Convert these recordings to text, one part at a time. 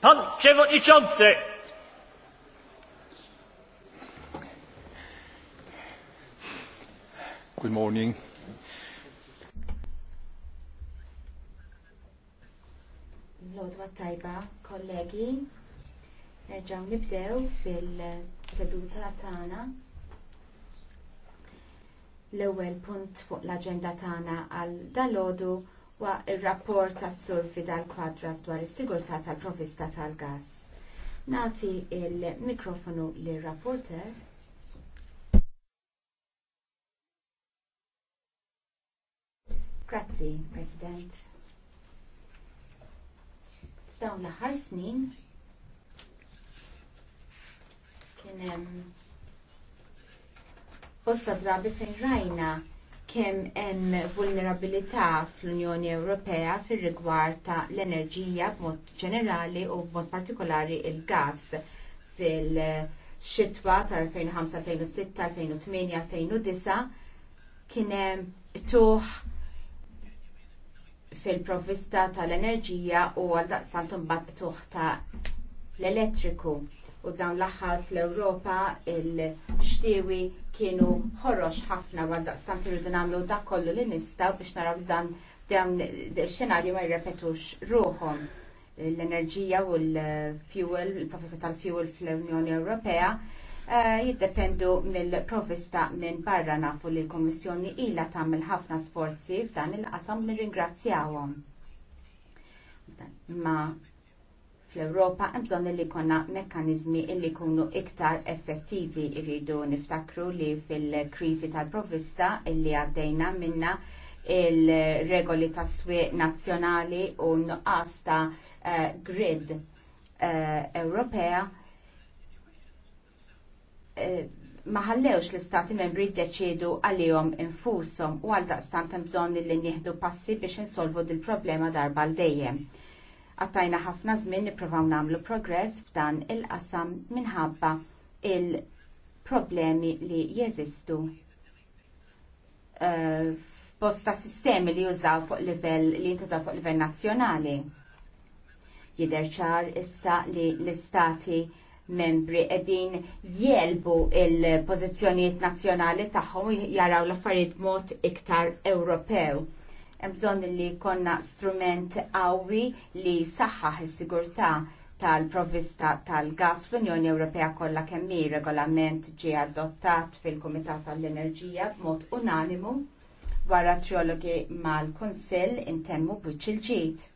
Pan Przewodniczący! Good morning. Lodwa tajba, kollegi. Nerġaw nibdew bil-seduta tagħna. L-ewwel punt fuq l-aġenda tana għal dalodu wa il-rapport tas sur Fidal Kwadras dwar is-sigurtà tal-provista tal-gas. Nati il-mikrofonu lir rapporter Grazzi, President. Dawn l-aħħar snin kien hemm bosta drabi fejn rajna kemm hemm vulnerabilità fl-Unjoni Ewropea fir-rigward ta' l-enerġija b'mod ġenerali u b'mod partikolari il-gas fil-xitwa tal-2005-2006-2008-2009 kien hemm tuħ fil-provvista tal-enerġija u għal daqstant imbagħad tuħ ta' l-elettriku u dawn l-aħħar fl-Ewropa il-xtiewi kienu ħorrox ħafna għadda daqstant irridu nagħmlu dak kollu li nistgħu biex naraw dan dan xenarju ma jirrepetux ruhom l-enerġija u l-fuel, il-professa tal-fuel fl-Unjoni Ewropea eh, jiddependu mill-provista minn barra nafu li l-Kommissjoni ila tagħmel ħafna sforzi f'dan il-qasam nirringrazzjawhom. Ma fl-Ewropa hemm bżonn li jkollna mekkaniżmi li jkunu iktar effettivi irridu niftakru li fil-kriżi tal-provista li għaddejna minna il-regoli ta' swieq nazzjonali u nuqqas ta' uh, grid uh, Ewropea uh, eh, maħallewx l-istati membri deċedu għalihom infushom u għal daqstant hemm bżonn li nieħdu passi biex insolvu dil-problema darba l dejjem Għattajna ħafna żmien niprofaw nagħmlu progress f'dan il-qasam minħabba il-problemi li jeżistu eh, f'bosta sistemi li jużaw fuq livell li jintużaw fuq livell nazzjonali. Jidher ċar issa li l-istati membri edin jelbu il-pozizjoniet nazzjonali tagħhom jaraw l-affarijiet mod iktar Ewropew bżonn li konna strument qawwi li saħħaħ is-sigurtà tal-provvista tal-gas fl-Unjoni Ewropea kollha kemm hi regolament ġie adottat fil-Kumitat tal-Enerġija b'mod unanimu wara triologi mal-Kunsill intemmu b'wiċċ il-ġid.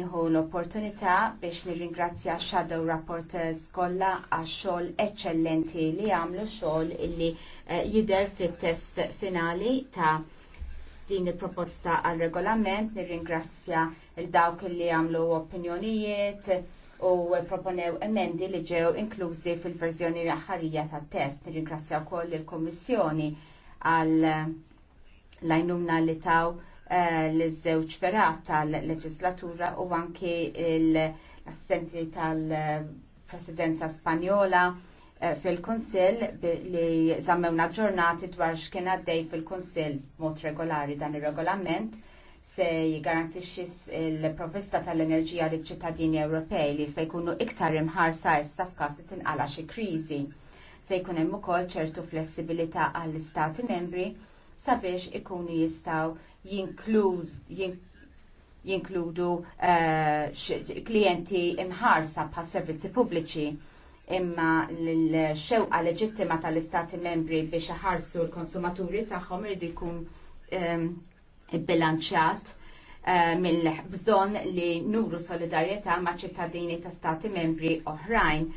Nieħu l-opportunità biex nirringrazzja Shadow Rapporters kollha għax xogħol eċċellenti li għamlu xogħol illi eh, jidher fit-test finali ta' din il-proposta għal regolament nirringrazzja il-dawk li għamlu opinjonijiet u proponew emendi li ġew inklużi fil-verżjoni aħħarija tat test. Nirringrazzja wkoll il komissjoni għal lajnumna li taw eh, l-żewġ ferat tal-leġislatura u anki l-assistenti tal-presidenza Spanjola Eh, fil-Konsil li zammewna ġurnati dwar x'kien għaddej fil-Konsil mod regolari dan ir-regolament se jgarantixxi l-provista tal-enerġija liċ ċittadini Ewropej li se jkunu iktar imħarsa issa f'każ li tinqala xi kriżi. Se jkun hemm ukoll ċertu flessibilità għall-istati membri sabiex ikunu jistgħu jinkludu eh, klijenti imħarsa pa' servizzi pubbliċi imma l-xewqa leġittima tal-istati membri biex jaħarsu l-konsumaturi tagħhom irdu jkun ehm, bilanċat eh, mill-bżon li nuru solidarjetà ma' ċittadini ta' stati membri oħrajn.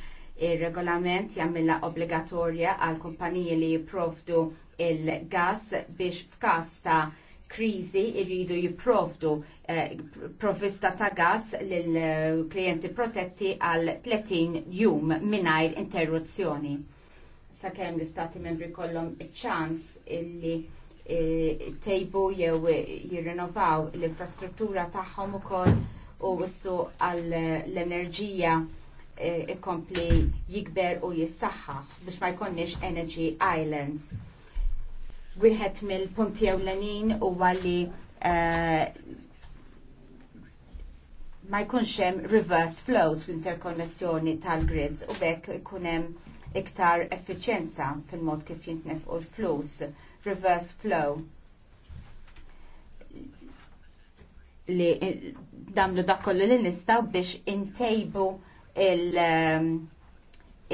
Ir-regolament jagħmilha obbligatorja għal kumpaniji li jipprovdu il-gas biex f'kas ta' kriżi jridu jipprovdu provista eh, provvista ta' gas lill-klijenti eh, protetti għal 30 jum mingħajr interruzzjoni. Sakemm l-istati membri kollhom iċ-ċans illi eh, tejbu jew jirrenovaw l-infrastruttura tagħhom ukoll u wissu għall l-enerġija ikompli jikber u jissaħħaħ biex ma jkonniex Energy Islands Wieħed mill-punti ewlenin huwa li eh, ma jkunx hemm reverse flows fl-interkonnessjoni tal-grids u bekk ikun hemm iktar effiċjenza fil-mod kif jintnefqu l-flus. Reverse flow li damlu dak kollu li nistaw biex intejbu il- eh,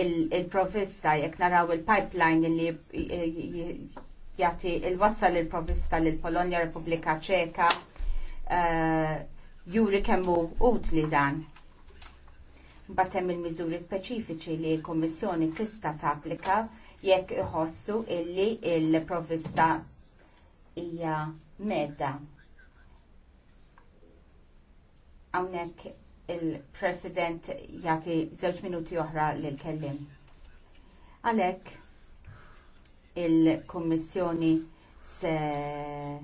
il-provista, jek naraw il-pipeline li Jati il-wassal il-provista l Polonja Repubblika Ċeka uh, juri kemmu li dan. Batem il-miżuri speċifiċi li l-Kommissjoni tista' tapplika jekk iħossu illi il-provista hija medda. Hawnhekk il-President jagħti żewġ minuti oħra lil kellim. Għalhekk il-Kommissjoni se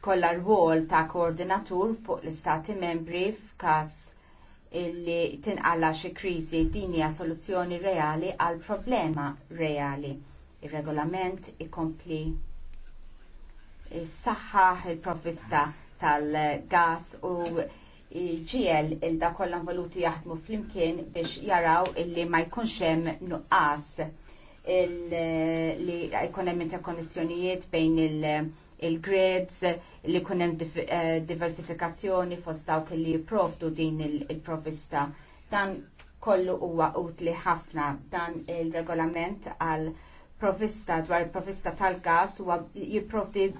kollha rwol ta' koordinatur fuq l-Istati membri f'każ illi tinqalla xi kriżi din hija soluzzjoni reali għal problema reali. Ir-regolament ikompli is-saħħaħ il-provvista tal-gas u ġiel il-da kollan voluti jaħdmu flimkien biex jaraw illi ma jkunx hemm nuqqas li jkun hemm interkonnessjonijiet bejn il-grids li jkun hemm eh, diversifikazzjoni fost dawk li jipprovdu din il-provista. Dan kollu huwa utli ħafna dan il-regolament għal provista dwar il-provista tal-gas huwa jipprovdi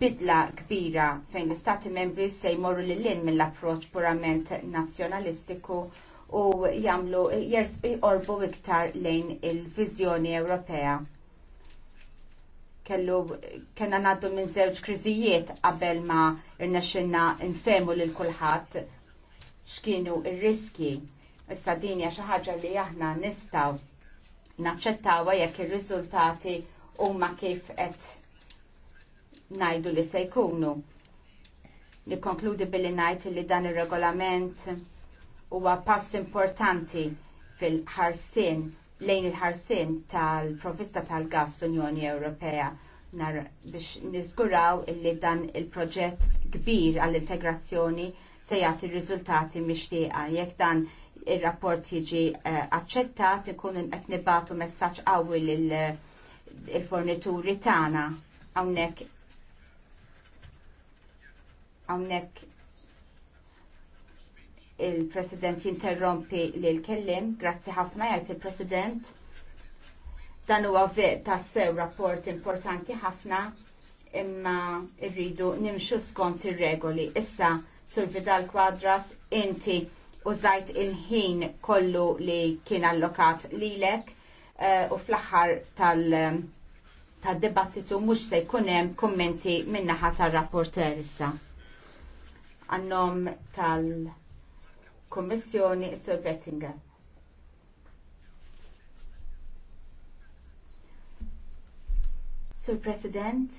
bidla kbira fejn l-istati membri se jmorru lil lin mill-approċ purament nazzjonalistiku u jamlu jqorbu iktar lejn il-vizjoni Ewropea. Kellu kena naddu minn żewġ kriżijiet qabel ma rnexxinna nfemu lil kulħadd x'kienu r riski Issa din hija xi ħaġa li aħna nistgħu naċċettawha jekk ir-riżultati huma kif qed ngħidu li se jkunu nikkonkludi billi ngħid li dan ir-regolament huwa pass importanti fil-ħarsin lejn il-ħarsin tal-provista tal-gas fl-Unjoni Ewropea nar biex niżguraw illi dan il-proġett kbir għall-integrazzjoni se jagħti r-riżultati mixtieqa. Jekk dan ir-rapport jiġi eh, aċċettat ikun qed nibatu messaġġ qawwi lil eh, il-fornituri tagħna hawnhekk hawnhekk il-President jinterrompi lil kellim, grazzi ħafna jgħid il-President. Dan huwa ta' sew rapport importanti ħafna imma rridu nimxu skont ir-regoli. Issa Sur Vidal Quadras inti użajt il-ħin kollu li kien allokat lilek eh, u fl-aħħar tal- tad-dibattitu mhux se jkun hemm kummenti min-naħa tar-rapporter issa. Għannom tal- Kommissjoni Sir Pettinger. Sir President,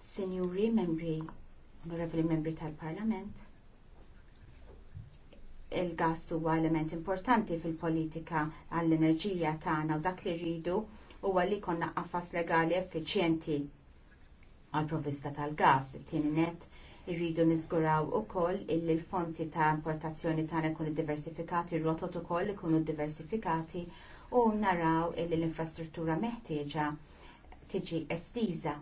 Signori, membri, onorevoli membri tal-Parlament, il-gas huwa element importanti fil-politika għall-enerġija tagħna u dak li rridu huwa li konna qafas legali effiċjenti għal provvista tal-gas, it-tieni net Irridu niżguraw ukoll illi l-fonti ta' importazzjoni tagħna jkunu diversifikati, r-rotot ukoll ikunu diversifikati u naraw illi l-infrastruttura meħtieġa tiġi estiża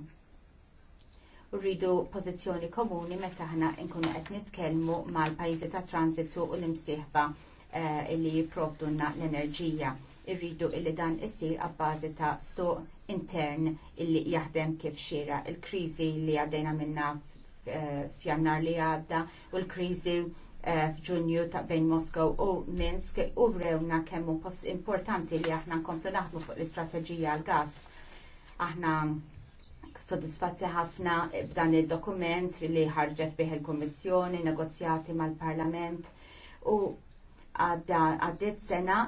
rridu pożizzjoni komuni meta aħna nkunu qed nitkellmu mal-pajjiżi ta' transitu u l-imsieħba eh, illi li jipprovdunna l-enerġija. Irridu illi dan isir għabbażi ta' suq intern illi jaħdem kif xira. Il-kriżi li għaddejna minna f'jannar li għadda u l-kriżi eh, f'Ġunju ta' bejn Moskow u Minsk u rewna kemm importanti li aħna nkomplu naħdmu fuq l-istrateġija għal gas Aħna soddisfatti ħafna b'dan il-dokument li ħarġet bih il-Kommissjoni, negozjati mal-Parlament u għaddit sena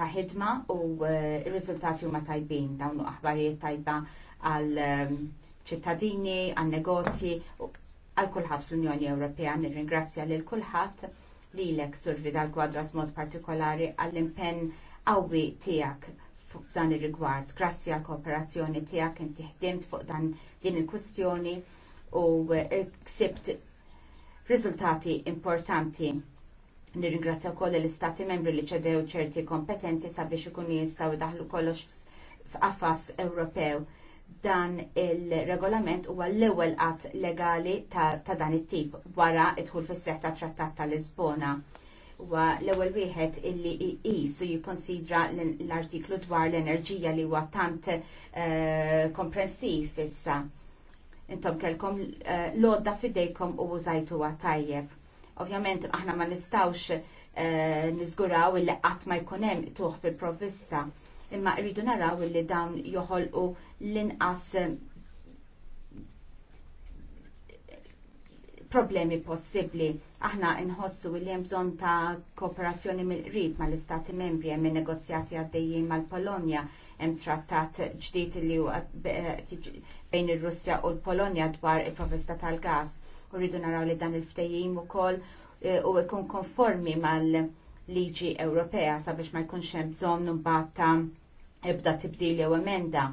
ta' ħidma u eh, r-riżultati huma tajbin dawn aħbarijiet tajba għal eh, ċittadini, għal negozji għal kulħadd fl-Unjoni Ewropea. Nirringrazzja lil kulħadd li l survi dal Gwadras mod partikolari għall-impenn qawwi tiegħek f'dan ir-rigward. Grazzi għal kooperazzjoni tiegħek inti ħdimt fuq dan din il-kwistjoni u eh, ksibt riżultati importanti. Nirringrazzja wkoll l-istati membri li ċedew ċerti kompetenzi sabiex ikunu jistgħu daħlu kollox f'qafas Ewropew dan il-regolament huwa l-ewwel qatt legali ta', ta dan it-tip wara dħul fis-seħħ tat Trattat ta' Lisbona. Huwa l-ewwel wieħed illi jqisu jikkonsidra l-artiklu dwar l-enerġija li huwa tant uh, komprensiv issa. Intom kelkom uh, eh, lodda fidejkom u użajtu tajjeb. Ovvjament aħna ma nistgħux uh, eh, niżguraw illi qatt ma jkun hemm tuħ fil-provvista imma rridu naraw illi dawn joħolqu l-inqas eh, problemi possibbli. Aħna nħossu li hemm bżonn ta' kooperazzjoni mill-qrib mal-Istati Membri hemm negozjati għaddejjin mal-Polonja, hemm trattat ġdid li eh, bejn ir-Russja u l-Polonja dwar il-provesta tal-gas. Urridu naraw li dan il-ftejjim ukoll eh, u jkun konformi mal-liġi Ewropea sabiex ma jkunx hemm bżonn imbagħad ta' ebda tibdil jew emenda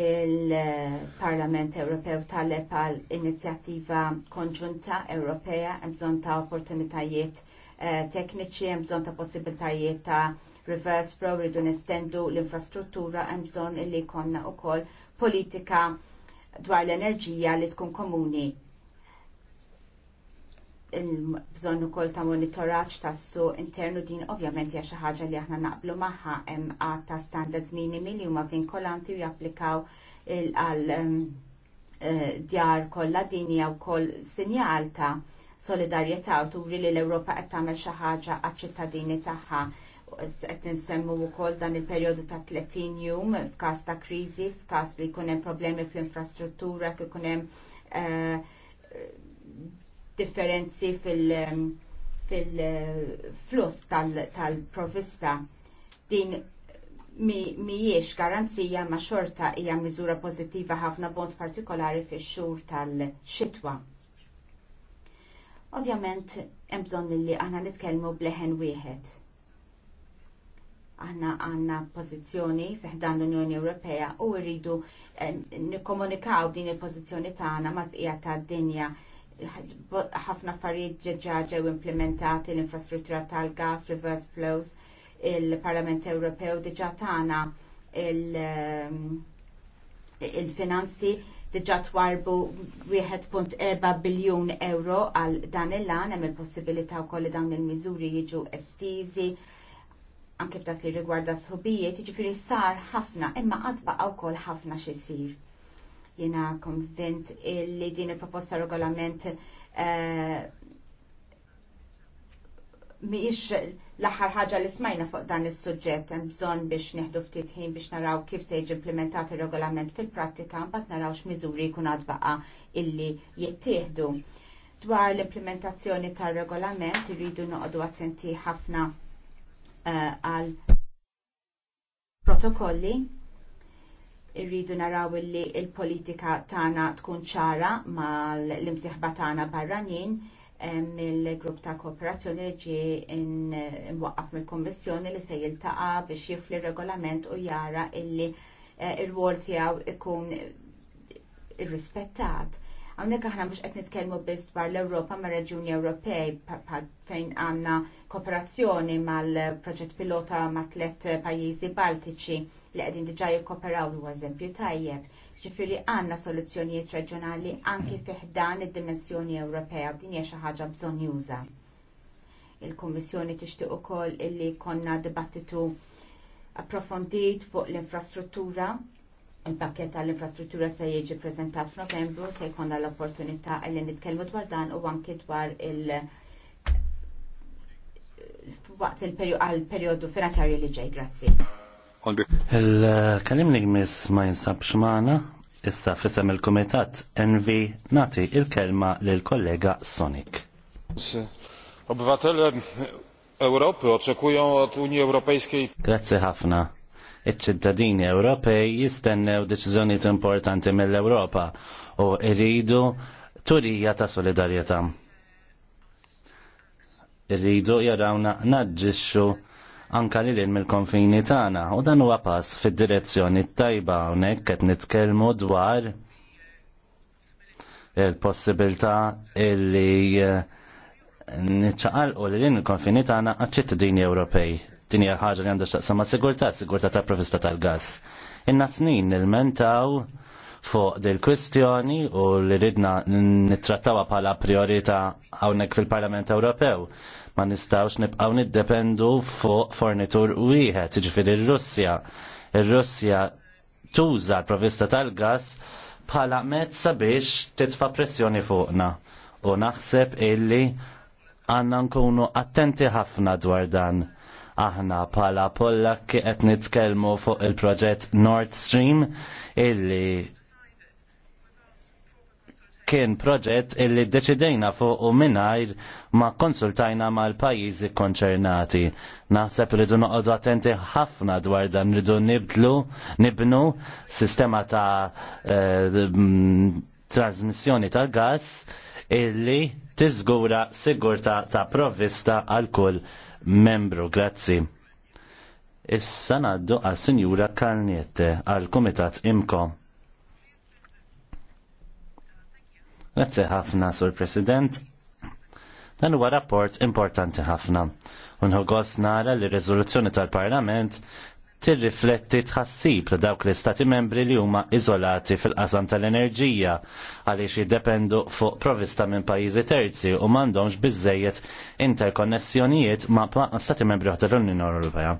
il-Parlament Ewropew taleb għal inizjattiva konġunta Ewropea hemm bżonn ta' opportunitajiet eh, tekniċi, hemm bżonn ta' possibiltajiet ta' reverse flow, rridu nestendu l-infrastruttura, hemm bżonn illi jkollna wkoll politika dwar l-enerġija li tkun komuni il-bżonnu kol ta' monitoraċ ta' su internu din ovvjament hija xi ħaġa li aħna naqblu magħha hemm ta' standards minimi li huma vinkolanti u japplikaw għal ehm, eh, djar kollha din hija wkoll sinjal ta' solidarjetà u turi li l-Ewropa qed tagħmel xi ħaġa għaċ-ċittadini tagħha qed insemmu wkoll dan il-perjodu ta' 30 jum f'każ ta' kriżi, f'każ li jkun hemm problemi fl-infrastruttura, kif ikun hemm eh, differenzi fil-flus fil um, uh, tal-provista. Tal Din mhijiex mi garanzija ma xorta hija miżura pożittiva ħafna bont partikolari fix-xhur tal-xitwa. Ovvjament hemm bżonn li aħna nitkellmu bleħen wieħed. Aħna għandna pożizzjoni fiħdan l-Unjoni Ewropea u rridu eh, nikkomunikaw din il-pożizzjoni tagħna mal-bqija tad-dinja ħafna affarijiet ġew implementati l-infrastruttura tal-gas, reverse flows, il-Parlament Ewropew diġà tagħna ehm, il-finanzi diġà twarbu 1.4 biljun euro għal dan il-lan hemm il-possibilità wkoll li dawn il-miżuri jiġu estiżi anke f'dak li rigwarda sħobijiet, jiġifieri sar ħafna imma qatt baqgħu wkoll ħafna x'isir. Jena konvint li din il-proposta regolament eh, miħiex l ħagġa ħaġa li smajna fuq dan is-suġġett hemm bżonn biex neħdu ftit ħin biex naraw kif se jiġi implementat ir-regolament fil-prattika mbagħad naraw x'miżuri jkun għad baqa' illi jittieħdu. Dwar l-implementazzjoni tar-regolament irridu noqogħdu attenti ħafna eh, għal protokolli irridu naraw li il-politika tagħna tkun ċara mal l-imsieħba tagħna barranin eh, mill-grupp ta' kooperazzjoni li ġie imwaqqaf mill kummissjoni li se jiltaqa biex jifli regolament u jara illi eh, ir-rwol tiegħu ikun irrispettat. Hawnhekk aħna mhux qed nitkellmu biss dwar l-Ewropa ma' reġjuni Ewropej fejn għandna kooperazzjoni mal-proġett pilota ma' tliet eh, pajjiżi Baltiċi li qegħdin diġà jikkoperaw huwa għazempju tajjeb. Ġifiri għandna soluzzjonijiet reġjonali anki fih dan id-dimensjoni Ewropea din hija xi ħaġa bżonn juża. Il-Kummissjoni tixtieq ukoll illi konna dibattitu approfondit fuq l-infrastruttura il-pakket tal-infrastruttura se jiġi prezentat f'Novembru se jkollna l-opportunità li nitkellmu dwar dan u anki dwar il- waqt il-periodu finanzjarju li ġej. Grazzi il kalimni li gmiss ma jinsabx maħna, issa fissam il-komitat NV nati il-kelma l-kollega Sonic. Obywatele Europy oczekują od Unii Europejskiej. Grazie ħafna. Iċ-ċittadini Ewropej jistennew deċiżjonijiet importanti mill-Ewropa u rridu turija ta' solidarjetà. Irridu jarawna naġġixxu anka li l mill-konfini tagħna u dan huwa pass fid-direzzjoni tajba hawnhekk qed nitkellmu dwar il-possibilità illi eh, niċċaqalqu li l-konfini tagħna għaċ-ċittadini Ewropej. Din hija ħaġa li għandha x'taqsam ma' sigurtà, sigurtà tal-provista tal-gass. Inna snin il-mentaw il il mentaw fuq dil-kwistjoni u li ridna nittrattawa bħala priorità hawnhekk fil-Parlament Ewropew. Ma nistgħux nibqgħu niddependu fuq fornitur wieħed, jiġifieri ir russja Ir-Russja tuża l-provista tal-gas bħala mezz sabiex titfa' pressjoni fuqna. U naħseb illi għanna nkunu attenti ħafna dwar dan. Aħna bħala Pollakki qed nitkellmu fuq il-proġett Nord Stream illi kien proġett illi deċidejna fuq u minnajr ma konsultajna ma l-pajizi konċernati. Naħseb rridu noqodu attenti ħafna dwar dan rridu nibdlu, nibnu sistema ta' eh, trasmissjoni ta' gas illi tiżgura sigurta ta' provvista għal kull membru. Grazzi. Issa naddu għal Sinjura Kalniette għal Kumitat Imkom. Grazzi ħafna, Sur President. Dan huwa rapport importanti ħafna. Unħogos nara li riżoluzzjoni tal-Parlament tirrifletti tħassib li dawk l-istati membri li huma iżolati fil-qasam tal-enerġija għaliex jiddependu fuq provista minn pajjiżi terzi u m'għandhomx biżejjed interkonnessjonijiet ma' stati membri oħra tal-Unjoni Ewropea.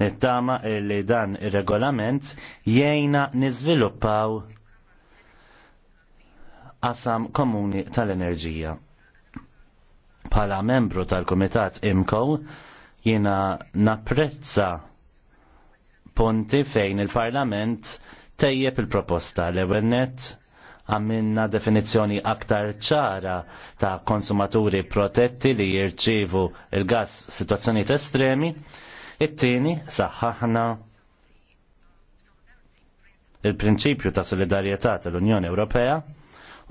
Nittama li dan ir-regolament jgħinna niżviluppaw qasam komuni tal-enerġija. Bħala membru tal-Kumitat IMCO jiena napprezza punti fejn il-Parlament tejjeb il-proposta l ewennet għamminna definizjoni aktar ċara ta' konsumaturi protetti li jirċivu il-gas situazzjoniet estremi, it-tieni saħħaħna il-prinċipju ta' solidarjetà tal-Unjoni Ewropea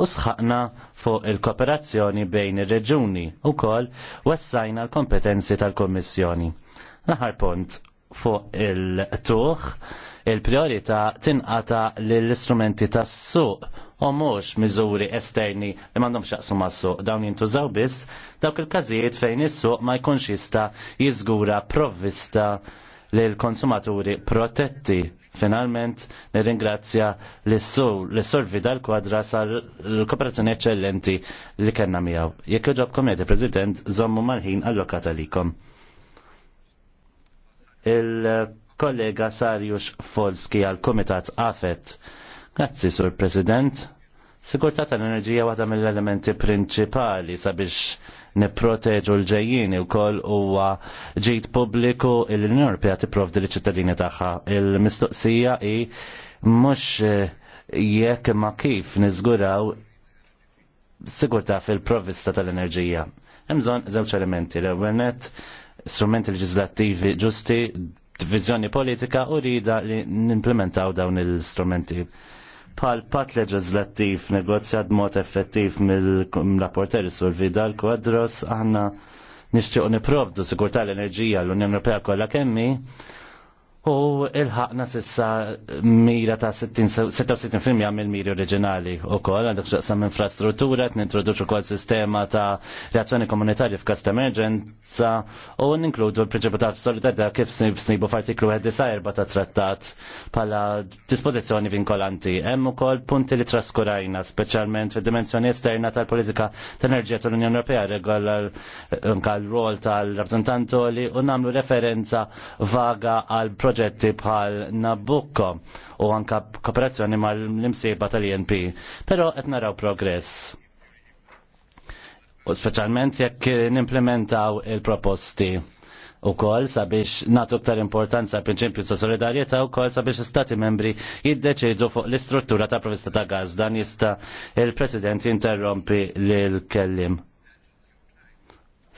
u sħaqna fuq il-kooperazzjoni bejn ir-reġuni u wassajna l-kompetenzi tal-Kommissjoni. Naħar punt fuq il-tuħ il-priorità tinqata l-istrumenti tas-suq u mhux miżuri esterni li m'għandhomx xaqsu mas-suq dawn jintużaw biss dawk il-każijiet fejn is-suq ma jkunx jista' jiżgura provvista lil konsumaturi protetti Finalment, nirringrazzja l-sur Vidal Kwadra sar l-kooperazzjoni eccellenti li kena miegħu. Jekk joġob komedi, President, zommu mal-ħin allokat għalikom. Il-kollega Sarjus Folski għal-Komitat Afet. Grazzi, Sur President. Sigurtà tal-enerġija waħda mill-elementi prinċipali sabiex nipproteġu l-ġejjini wkoll huwa ġid pubbliku l-Unjoni Ewropea tipprovdi l-ċittadini tagħha. Il-mistoqsija hi mhux eh, jekk ma kif niżguraw sigurtà fil-provvista tal-enerġija. Hemm bżonn żewġ elementi l-ewwel nett strumenti leġislattivi ġusti, diviżjoni politika u rida li nimplementaw dawn il-strumenti pal pat leġizlattiv negozjat mod effettiv mill-rapporteri sur Vidal Quadros għanna nixtiequ niprovdu sigurta l-enerġija l-Unjoni Europea kollha kemmi U il-ħakna sissa mira ta' 66% mill-miri oriġinali u kol, għandek xaqsam infrastruttura, t-nintroduċu kol sistema ta' reazzjoni komunitarja f'kast ta' emerġenza u ninkludu l-prinċipu ta' solidarità kif snibu f'artiklu 14 ta' trattat pala dispozizjoni vinkolanti. Hemm ukoll punti li traskurajna, speċjalment fid-dimensjoni esterna tal-politika tal-enerġija tal-Unjoni Ewropea regolar l-rol tal-rappresentanti u namlu referenza vaga għal proġetti bħal Nabucco u anka kooperazzjoni mal-imsiba tal-INP. Pero qed naraw progress. U speċjalment jekk nimplementaw il-proposti u kol sabiex natu ktar importanza prinċipju ta' solidarieta u kol sabiex stati membri jiddeċidu fuq l-istruttura ta' provista ta' gaz dan jista il-president jinterrompi l-kellim.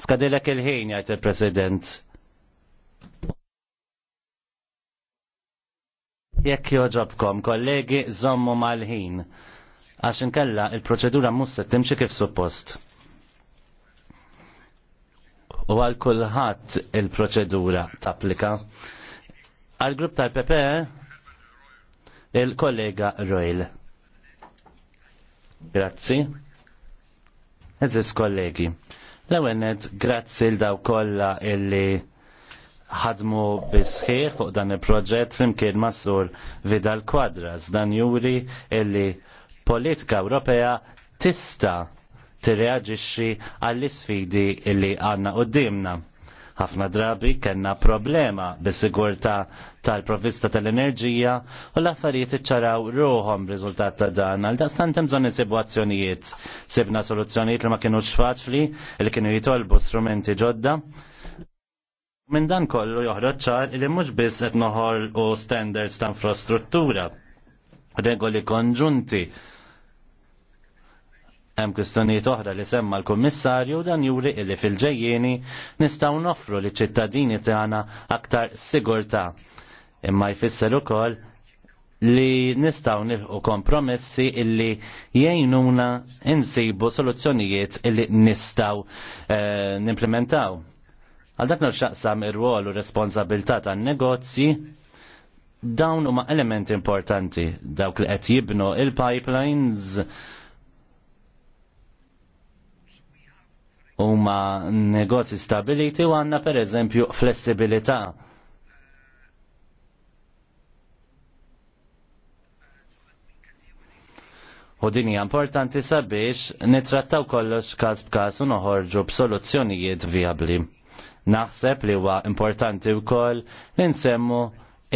Skadilek il-ħin jgħajt il-president. Jekk joġobkom, kollegi, żommu mal-ħin. Għax inkella il-proċedura mhux se timxi kif suppost. U għal kulħadd il-proċedura tapplika. Għal grupp tal-PP e, il-kollega Royal. Grazzi. Eżis kollegi. L-ewenet, grazzi l-daw kolla illi ħadmu bisħiħ fuq dan il-proġett flimkien mas-sur Vidal Quadras dan juri illi politika Ewropea tista tirreaġixxi għall-isfidi illi għandna qudiemna. Ħafna drabi kellna problema bis-sigurtà tal-provista tal-enerġija u l-affarijiet iċċaraw ruhom riżultat ta' dan. Għal daqstant hemm bżonn insibu Sibna soluzzjonijiet li ma kinux faċli, li kienu jitolbu strumenti ġodda Minn dan kollu joħroġ ċar li mhux biss qed noħolqu standards ta' infrastruttura, regoli konġunti. Hemm kwistjonijiet oħra li semma l-Kummissarju dan juri illi fil-ġejjieni nistgħu noffru li ċittadini tagħna aktar sigurtà. Imma jfisser ukoll li nistgħu nilħu kompromessi illi jgħinuna insibu soluzzjonijiet illi nistgħu eh, nimplementaw Għal dak xaqsam ir-rwol u responsabilità tan-negozji dawn huma elementi importanti dawk li qed jibnu il-pipelines huma negozji stabiliti u għandna pereżempju flessibilità U din hija importanti sabiex nitrattaw kollox każ b'każ u noħorġu b'soluzzjonijiet vijabbli. Naħseb li huwa importanti wkoll li nsemmu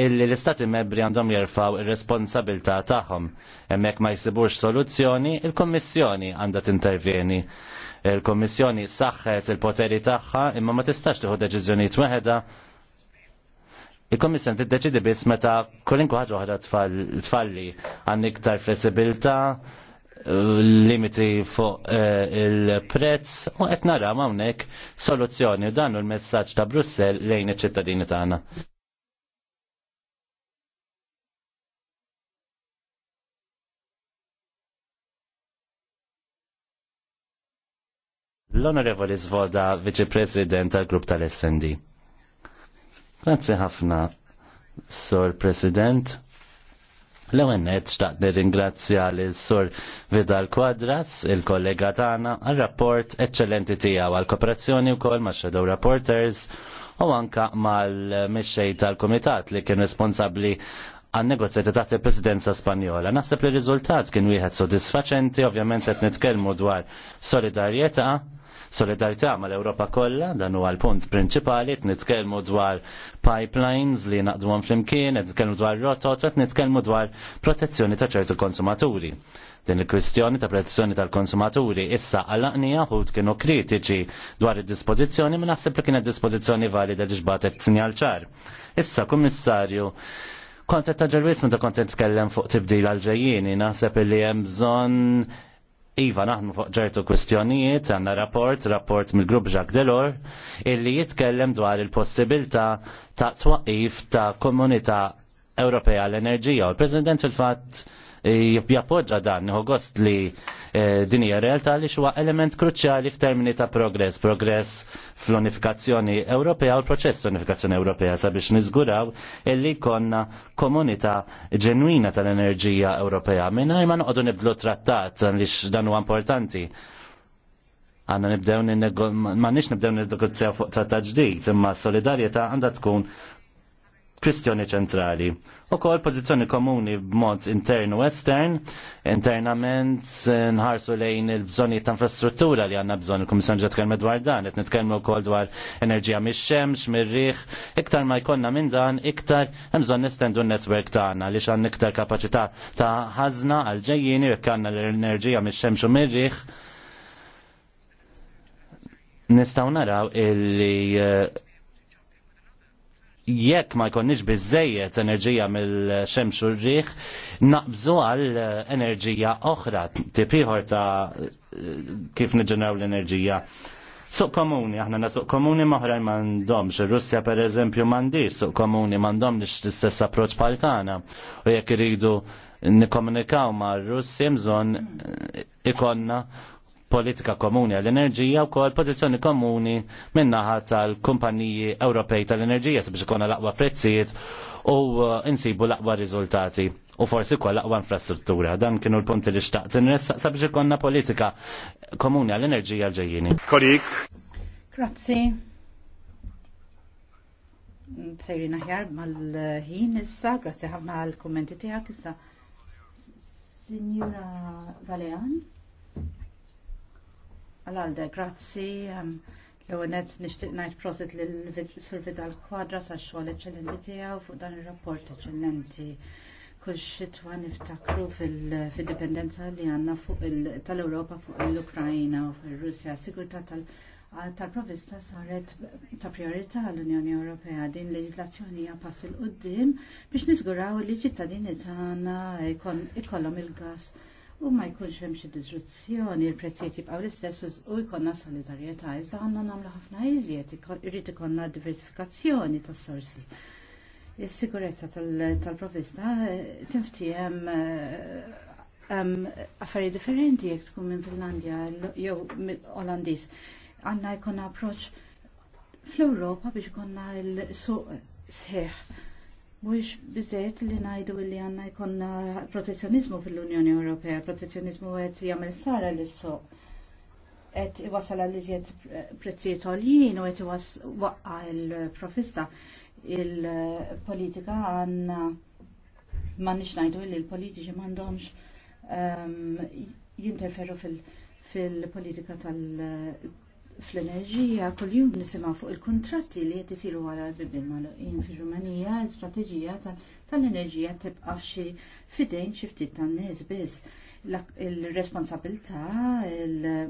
illi l-istati membri għandhom jerfaw ir-responsabilità tagħhom. Hemmhekk ma jsibux soluzzjoni, il-Kommissjoni għandha tintervjeni. Il-Kommissjoni saħħet il-poteri tagħha imma ma tistax tieħu deċiżjonijiet weħeda il kummissjoni tiddeċidi biss meta kolinku ħaġa oħra tfalli għandi iktar flessibilità, limiti fuq eh, il-prezz u qed naraw hawnhekk soluzzjoni u dan l messaġġ ta' Brussell lejn iċ-ċittadini tagħna. L-Onorevoli Zvoda, Viċi President tal-Grupp tal-SND. Grazie ħafna, Sur President. L-ewennet xtaqt nir-ingrazzja l-sur Vidal Quadras, il-kollega tagħna, għal-rapport eccellenti tiegħu għal-kooperazzjoni wkoll ma' Shadow Reporters u anka mal-mixxej tal-Kumitat li kien responsabbli għan negozjati taħt il-Presidenza Spanjola. Naħseb li riżultat kien wieħed sodisfaċenti, ovvjament qed nitkellmu dwar solidarjetà solidarità mal-Ewropa kollha, dan huwa l-punt prinċipali, qed nitkellmu dwar pipelines li naqduhom flimkien, qed nitkellmu dwar rotot, qed nitkellmu dwar protezzjoni ta' ċertu konsumaturi. Din il-kwistjoni ta' protezzjoni tal-konsumaturi issa għallaqnija ħut kienu kritiċi dwar id-dispożizzjoni minn naħseb li kienet dispożizzjoni valida li ġbatet sinjal ċar. Issa, kummissarju, kontet ta' ġerwis meta kontet tkellem fuq tibdil għal-ġejjini, naħseb li hemm bżonn Iva naħmu fuq ġertu kwistjonijiet, għanna rapport, rapport mill grupp Jacques Delor, illi jitkellem dwar il-possibilta ta' twaqif ta' komunità Ewropea l-enerġija. U l-President fil-fat jappoġġa dan, gost li eh, din hija realtà li xwa element kruċjali f'termini ta' progress, progress fl-unifikazzjoni Ewropea u l-proċess unifikazzjoni Ewropea sabiex niżguraw illi konna komunità ġenwina tal-enerġija Ewropea Minnaj ma noqogħdu nibdlu trattat għaliex dan huwa importanti għanna nibdew ma nix nibdew fuq trattat ġdijt, imma solidarieta għanda tkun kwistjoni ċentrali. U kol pozizjoni komuni b'mod intern u estern, internament eh, nħarsu lejn il-bżoni ta' infrastruttura li għanna bżon il-Komissjon ġet kelmet dwar dan, et nitkelmu kol dwar enerġija mis xemx mir-riħ, iktar ma jkonna minn dan, iktar jemżon nistendu n-netwerk tagħna li għandna iktar kapaċità ta' ħazna għal ġejjini u għanna l-enerġija mis xemx u mir-riħ. Nistaw naraw illi eh, jekk ma jkonniex biżejjed enerġija mill-xemx u rriħ, naqbżu għal eh, enerġija oħra, tipiħor ta' eh, kif niġġeneraw l-enerġija. Suq komuni, aħna na suq komuni maħrajn mandomx. Russja per eżempju mandiġ suq komuni, mandom nix l-istess approċ paltana. U jekk iridu nikomunikaw ma' Russi mżon eh, ikonna politika komuni għall-enerġija u kol pozizjoni komuni minnaħa tal-kumpaniji Ewropej tal-enerġija sabiex ikun l-aqwa prezzijiet u uh, insibu l-aqwa rizultati u forsi kol l-aqwa infrastruttura. Dan kienu l-punti li xtaqt sabiex ikonna politika komuni għall-enerġija ġejjini. Kolik. Grazzi. Sejri naħjar mal-ħin issa, grazzi ħafna għal-kommenti tijak issa. Signora Valean. Għal-għalde, grazzi. L-għonet nishtiq najt prosit l-survid għal-kwadra sa' xogħol eċċellenti tiegħu fuq dan ir-rapport eċċellenti kull xitwa niftakru fil-dipendenza li għanna tal-Europa fuq l-Ukrajina u fil-Russja. Sigurta tal-provista saret ta' priorita l-Unjoni Ewropea din leġislazzjoni hija pass il qudiem biex niżguraw li ċittadini tagħna ikollhom il-gas u ma jkunx hemm xi diżruzzjoni l prezzijiet jibqgħu l-istess u jkollna solidarjetà iżda għandna nagħmlu ħafna iżjed irid ikollna diversifikazzjoni tas-sorsi. Is-sigurezza tal-provista eh, tinftiehem eh, affarijiet differenti jekk tkun minn Finlandja jew Olandiż. Għandna jkollna approċċ fl-Ewropa biex ikollna l-suq sħiħ Mux bizzejt li najdu li għanna jkonna protezzjonizmu fil-Unjoni Ewropea, protezzjonizmu għed jgħamil sara lis sso għed iwasal għal-liżiet prezzijiet għoljien u għed waqqa il-profista. Il-politika għanna ma nix najdu li l-politiċi mandomx ehm, jinterferu fil-politika fil politika tal fl-enerġija kuljum nisimgħu fuq il-kontratti li qed isiru wara l-bibien mal-qin fir-Rumanija, l-istrateġija tal-enerġija tibqa' f'xi fidejn xi ftit tan-nies biss. Il-responsabilità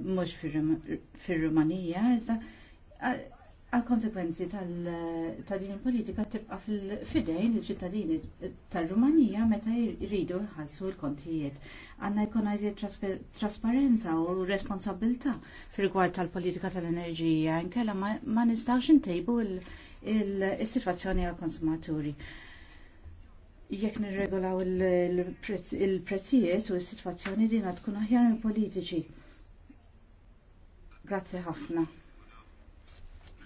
mhux fir-Rumanija iżda għal konsekwenzi tal-din politika tibqa fil-fidejn il-ċittadini tal-Rumanija meta jridu ħalsu l-kontijiet. Għanna jkun għajzi trasparenza u responsabilta fil-rigward tal-politika tal-enerġija, nkella ma nistax intejbu il-situazzjoni għal konsumaturi. Jekk nirregolaw il-prezzijiet u s-situazzjoni din tkun aħjar il politiċi Grazie ħafna.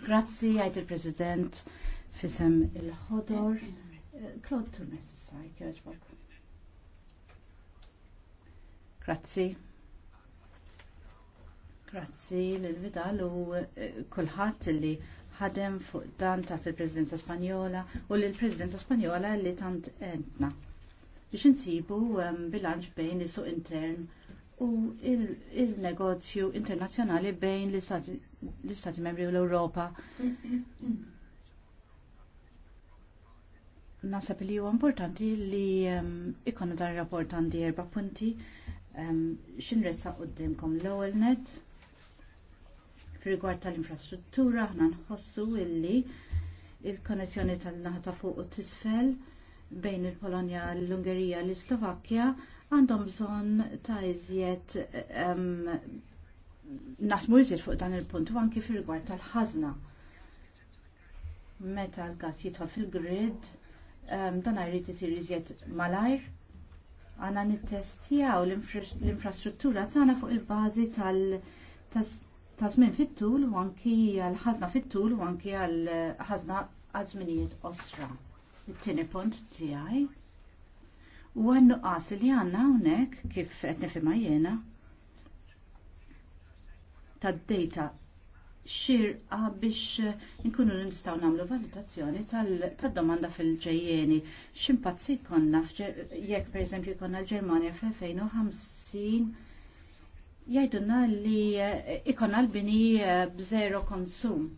Grazzi, għajt il-President, fisem il-ħodor. Eh, Claude Tunis, sajk, Grazzi. Grazzi l-Vidal u eh, kullħat li ħadem fuq dan taħt il-Presidenza Spanjola u l-Presidenza Spanjola li tant entna. Biex insibu ehm, bilanċ bejn is suq intern u il-negozju internazzjonali bejn l-Istati l-Istati Membri u l-Europa. Nasab li huwa importanti li um, dan rapport għandi erba punti ehm, xinressa quddiemkom l-ewwel net fir-rigward tal-infrastruttura aħna nħossu illi il-konnessjoni tal-naħta fuq u tisfel bejn il-Polonja, l-Ungerija, l-Slovakkja għandhom bżonn ta' iżjed ehm, naħdmu iżir fuq dan il-punt u anki fil-rigward tal-ħazna. Meta l-gas jidħol fil-grid, dan għajrit isir iżjed malajr, għana nittestjaw l-infrastruttura tagħna fuq il-bażi tal- tażmin fit-tul u anki għal-ħazna fit-tul u anki għal-ħazna għazminijiet osra. Il-tieni punt tiegħi u għannu qas li għanna hawnhekk kif qed nifhimha jiena tad-data xirqa biex nkunu nistgħu nagħmlu valutazzjoni tad-domanda fil-ġejjeni. X'impazzi konna jekk pereżempju konna l-Ġermanja fl-2050 jgħidunna li eh, ikonna l-bini eh, b'zero konsum.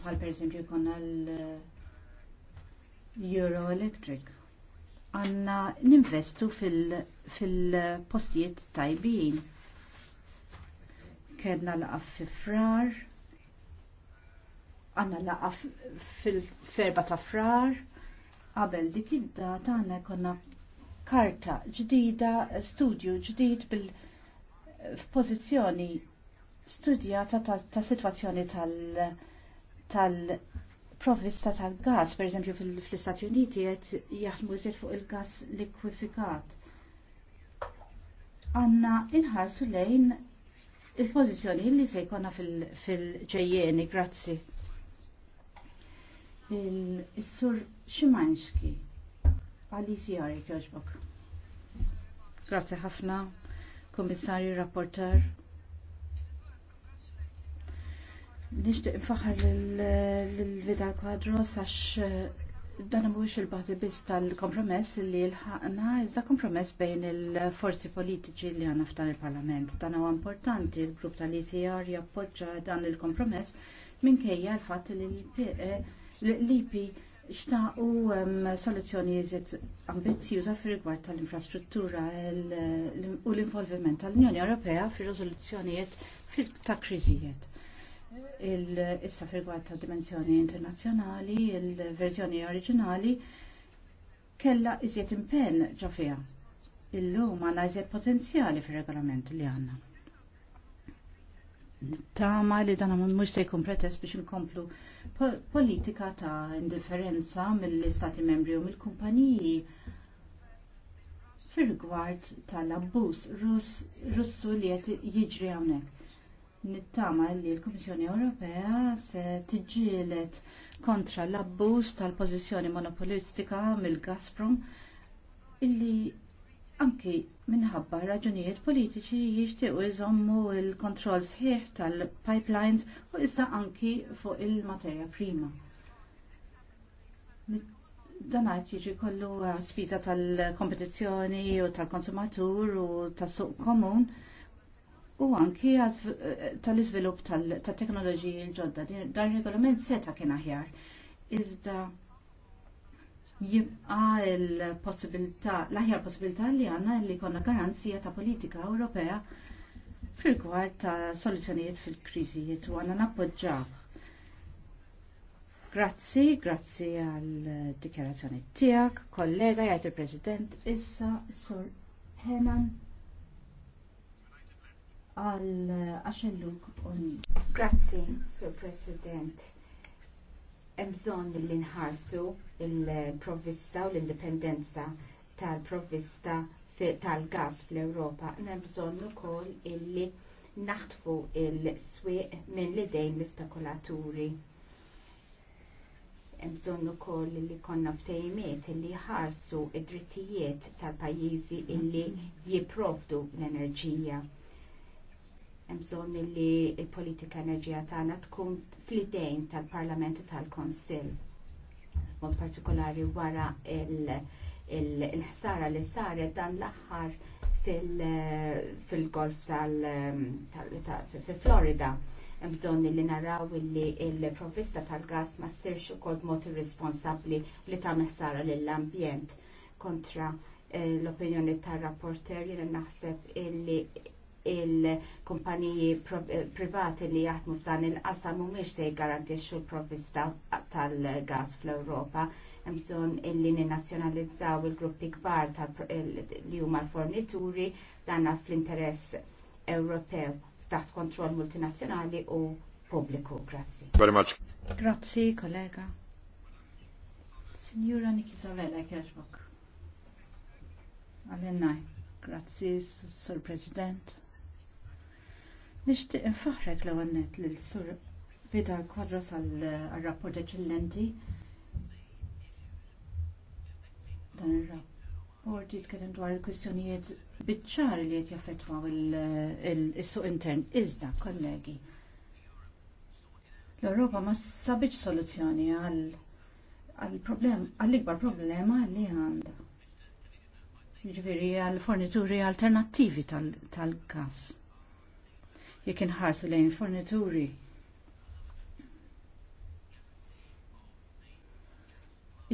Bħal per eżempju konna l-Euro eh, Electric għanna ninvestu fil-postijiet fil tajbin. Kedna laqaf fi frar, għanna laqaf fil-ferba ta' frar, qabel dik id-data għanna konna karta ġdida, studju ġdid bil pozizjoni studjata ta', ta, ta situazzjoni tal- tal provvista tal-gas, per eżempju fil-Istati Uniti, għed jaħdmu jizet fuq il-gas likwifikat. Għanna inħarsu lejn il-pozizjoni li se jkonna fil-ġejjeni, grazzi. Il-sur Ximanski, għal-ICR, -si Grazzi ħafna, komissarju, rapporter. Nishtiq nfaħar l-Vidal Quadros għax dan mhuwiex il-bażi biss tal-kompromess li l-ħaqna iżda kompromess bejn il-forzi politiċi li għandna f'dan il-Parlament. Dan huwa importanti l-grupp tal-ICR jappoġġa dan il-kompromess minkejja l-fatt li eh, l-IPI xtaqu soluzzjoni jiżiet ambizzjuża fir-rigward tal-infrastruttura u l-involviment tal-Unjoni Ewropea fir-riżoluzzjonijiet ta' kriżijiet issa fil-gwad ta' dimensjoni internazzjonali, il-verżjoni oriġinali, kella iżjed impenn ġofija. Illum għandna iżjed potenzjali fil-regolament li għandna. ma li dan mhux se jkun pretest biex inkomplu politika ta' indifferenza mill-istati membri u mill-kumpaniji fir rigward tal-abbuż Russu li qed jiġri hawnhekk nittama li l-Komissjoni Ewropea se tiġġielet kontra l-abbuż tal-pożizzjoni monopolistika mill-Gazprom illi anki minħabba raġunijiet politiċi jixtiequ jżommu l kontroll sħiħ tal-pipelines u issa anki fuq il-materja prima. Dan għad jiġi kollu sfida tal-kompetizzjoni u tal-konsumatur u tas-suq komun u anki eh, tal-izvilup tal-teknoloġiji l-ġodda. Dan regolament seta kien aħjar. Iżda jibqa l-possibilità, l-aħjar possibilità li għanna li konna garanzija ta' politika Ewropea fil-gwar ta' soluzzjonijiet fil-kriżijiet u għanna nappoġġaw. Grazzi, grazzi għal dikjarazzjoni tijak, kollega jgħajt il-President, issa, Sur Henan għal għaxelluk eh, oni. Grazzi, Sur President. Emżon li nħarsu il-provvista u l-indipendenza tal-provvista tal-gas fl-Europa. Nemżon u koll illi naħtfu il-swiq minn li dejn l-spekulaturi. Emżon u koll illi konna ftejmiet illi ħarsu id-drittijiet tal-pajizi illi jiprovdu l-enerġija bżonn li il-politika enerġija tagħna tkun fl-idejn tal-Parlament u tal-Konsill. Mod partikolari wara il-ħsara li saret dan l-aħħar fil-golf tal-Florida. Mżon li naraw li il-provista tal-gas ma ssirx ukoll mot irresponsabbli li ta' meħsara lill-ambjent kontra eh, l-opinjoni tar-rapporter li naħseb illi il-kumpaniji eh, privati li jaħdmu f'dan il-qasam mhumiex se jgarantixxu l-provvista tal-gas fl-Ewropa. Hemm bżonn illi nazzjonalizzaw il-gruppi kbar li huma l-fornituri danna fl-interess Ewropew taħt kontroll multinazzjonali u pubbliku. Grazzi. Very much. Grazzi, kollega. Signora Nikizavella, kieġbok. Għalennaj. Grazzi, Sur President. Nishtiq nfaħrek l għannet l-sur Vidal kwadras għal-rapport eċellenti. Dan il-rapport jitkellem dwar il-kwistjonijiet bitċar li qed jaffettwaw il-suq intern. Iżda, kollegi, l-Europa ma sabiċ soluzzjoni għal-ikbar problema li għandha jiġifieri għal-fornituri alternattivi Tal jekk inħarsu lejn fornituri.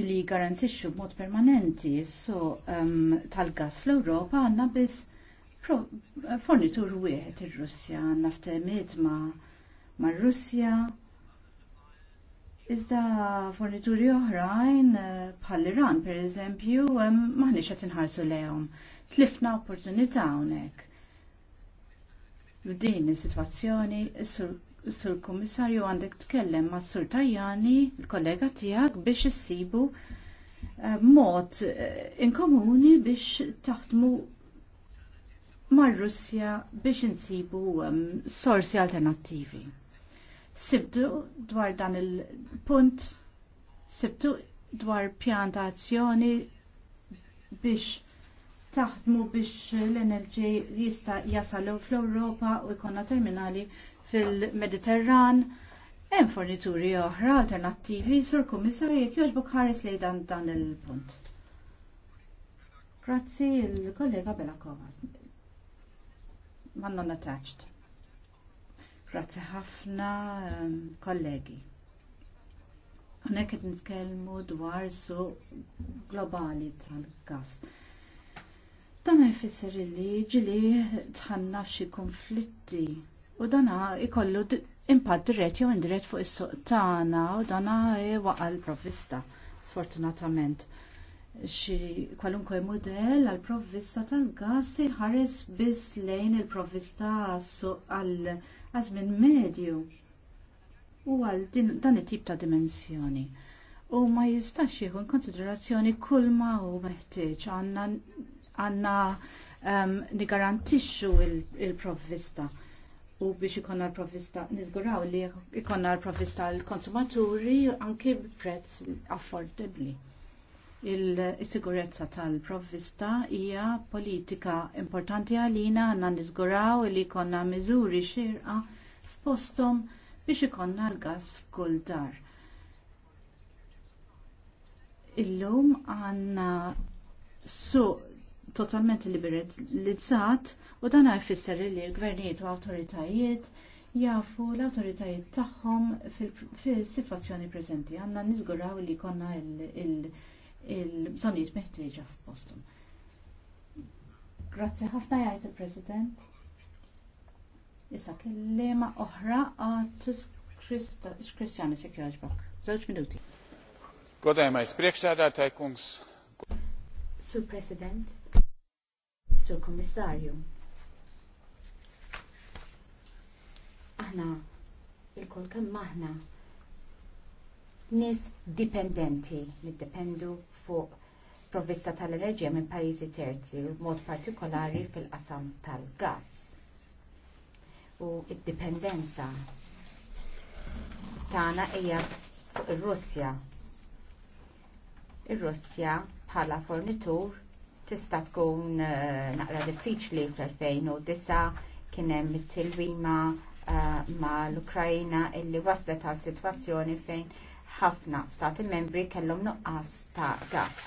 li garantixxu b'mod permanenti so um, tal-gas fl-Ewropa għandna biss fornitur wieħed ir-Russja għandna ftehmiet ma' mar-Russja Iżda fornituri oħrajn eh, bħal iran per eżempju, eh, maħniċ għat inħarsu lejhom. Tlifna opportunità hawnhekk. Din is-sitwazzjoni, sur kummissarju għandek tkellem ma' sur Tajani, il-kollega tiegħek biex issibu eh, mod eh, inkomuni biex taħdmu mar-Russja biex insibu ehm, sorsi alternattivi. Sibtu dwar dan il-punt, sibtu dwar pjan ta' azzjoni biex taħdmu biex l-enerġi jista jasal fl-Europa u jkollna terminali fil-Mediterran. Hemm fornituri oħra alternattivi sur Kummissar, jekk jogħġbok ħares lejn dan dan il-punt. Grazzi il-kollega Belakova. Mannon attached. Grazzi ħafna ehm, kollegi. Għonek qed nitkellmu dwar su globali tal-gas. Dan jfisser illi ġili tħanna xi konflitti u dana ikollu impatt dirett jew indirett fuq is-suq tagħna u dana waqal l-provvista sfortunatament. Xi kwalunkwe mudell għall provvista tal-gas ħares biss lejn il-provvista għal għażmin medju u għal dan it-tip ta' dimensjoni. U ma jistax jieħu konsiderazzjoni kull ma hu meħtieġ għandna għanna um, nigarantixxu il-provvista. Il u biex ikonna l-provvista, nizguraw li ikonna l-provvista l-konsumaturi anki prezz affordabli. Il-sigurezza tal-provvista hija politika importanti għalina għanna nizguraw li ikonna miżuri xirqa f'postom biex ikonna l-gas f'kull dar. Illum għanna suq so, totalment liberalizzat u dan jfisser li l-gvernijiet u awtoritajiet jafu l awtoritajiet tagħhom fil-sitwazzjoni preżenti Għanna niżguraw li jkollna il-bżonnijiet meħtieġa f'postum. Grazzi ħafna jgħid il-President. Issa kellima oħra għatus Kristjani Sekjoġbok. Żewġ minuti. Godajma, da kungs. Sur President, Sur Kommissarju. Aħna, il-kol kemm maħna, nis dipendenti, niddependu fuq provvista tal-enerġija minn pajjiżi terzi, mod partikolari fil-qasam tal-gas. U id-dipendenza tagħna hija fuq ir-Russja. Ir-Russja bħala fornitur tista' tkun eh, naqra diffiċli fl-2009 kien hemm it-tilwima eh, ma l ukrajina illi waslet għal sitwazzjoni fejn ħafna stati membri kellhom nuqqas ta' gas.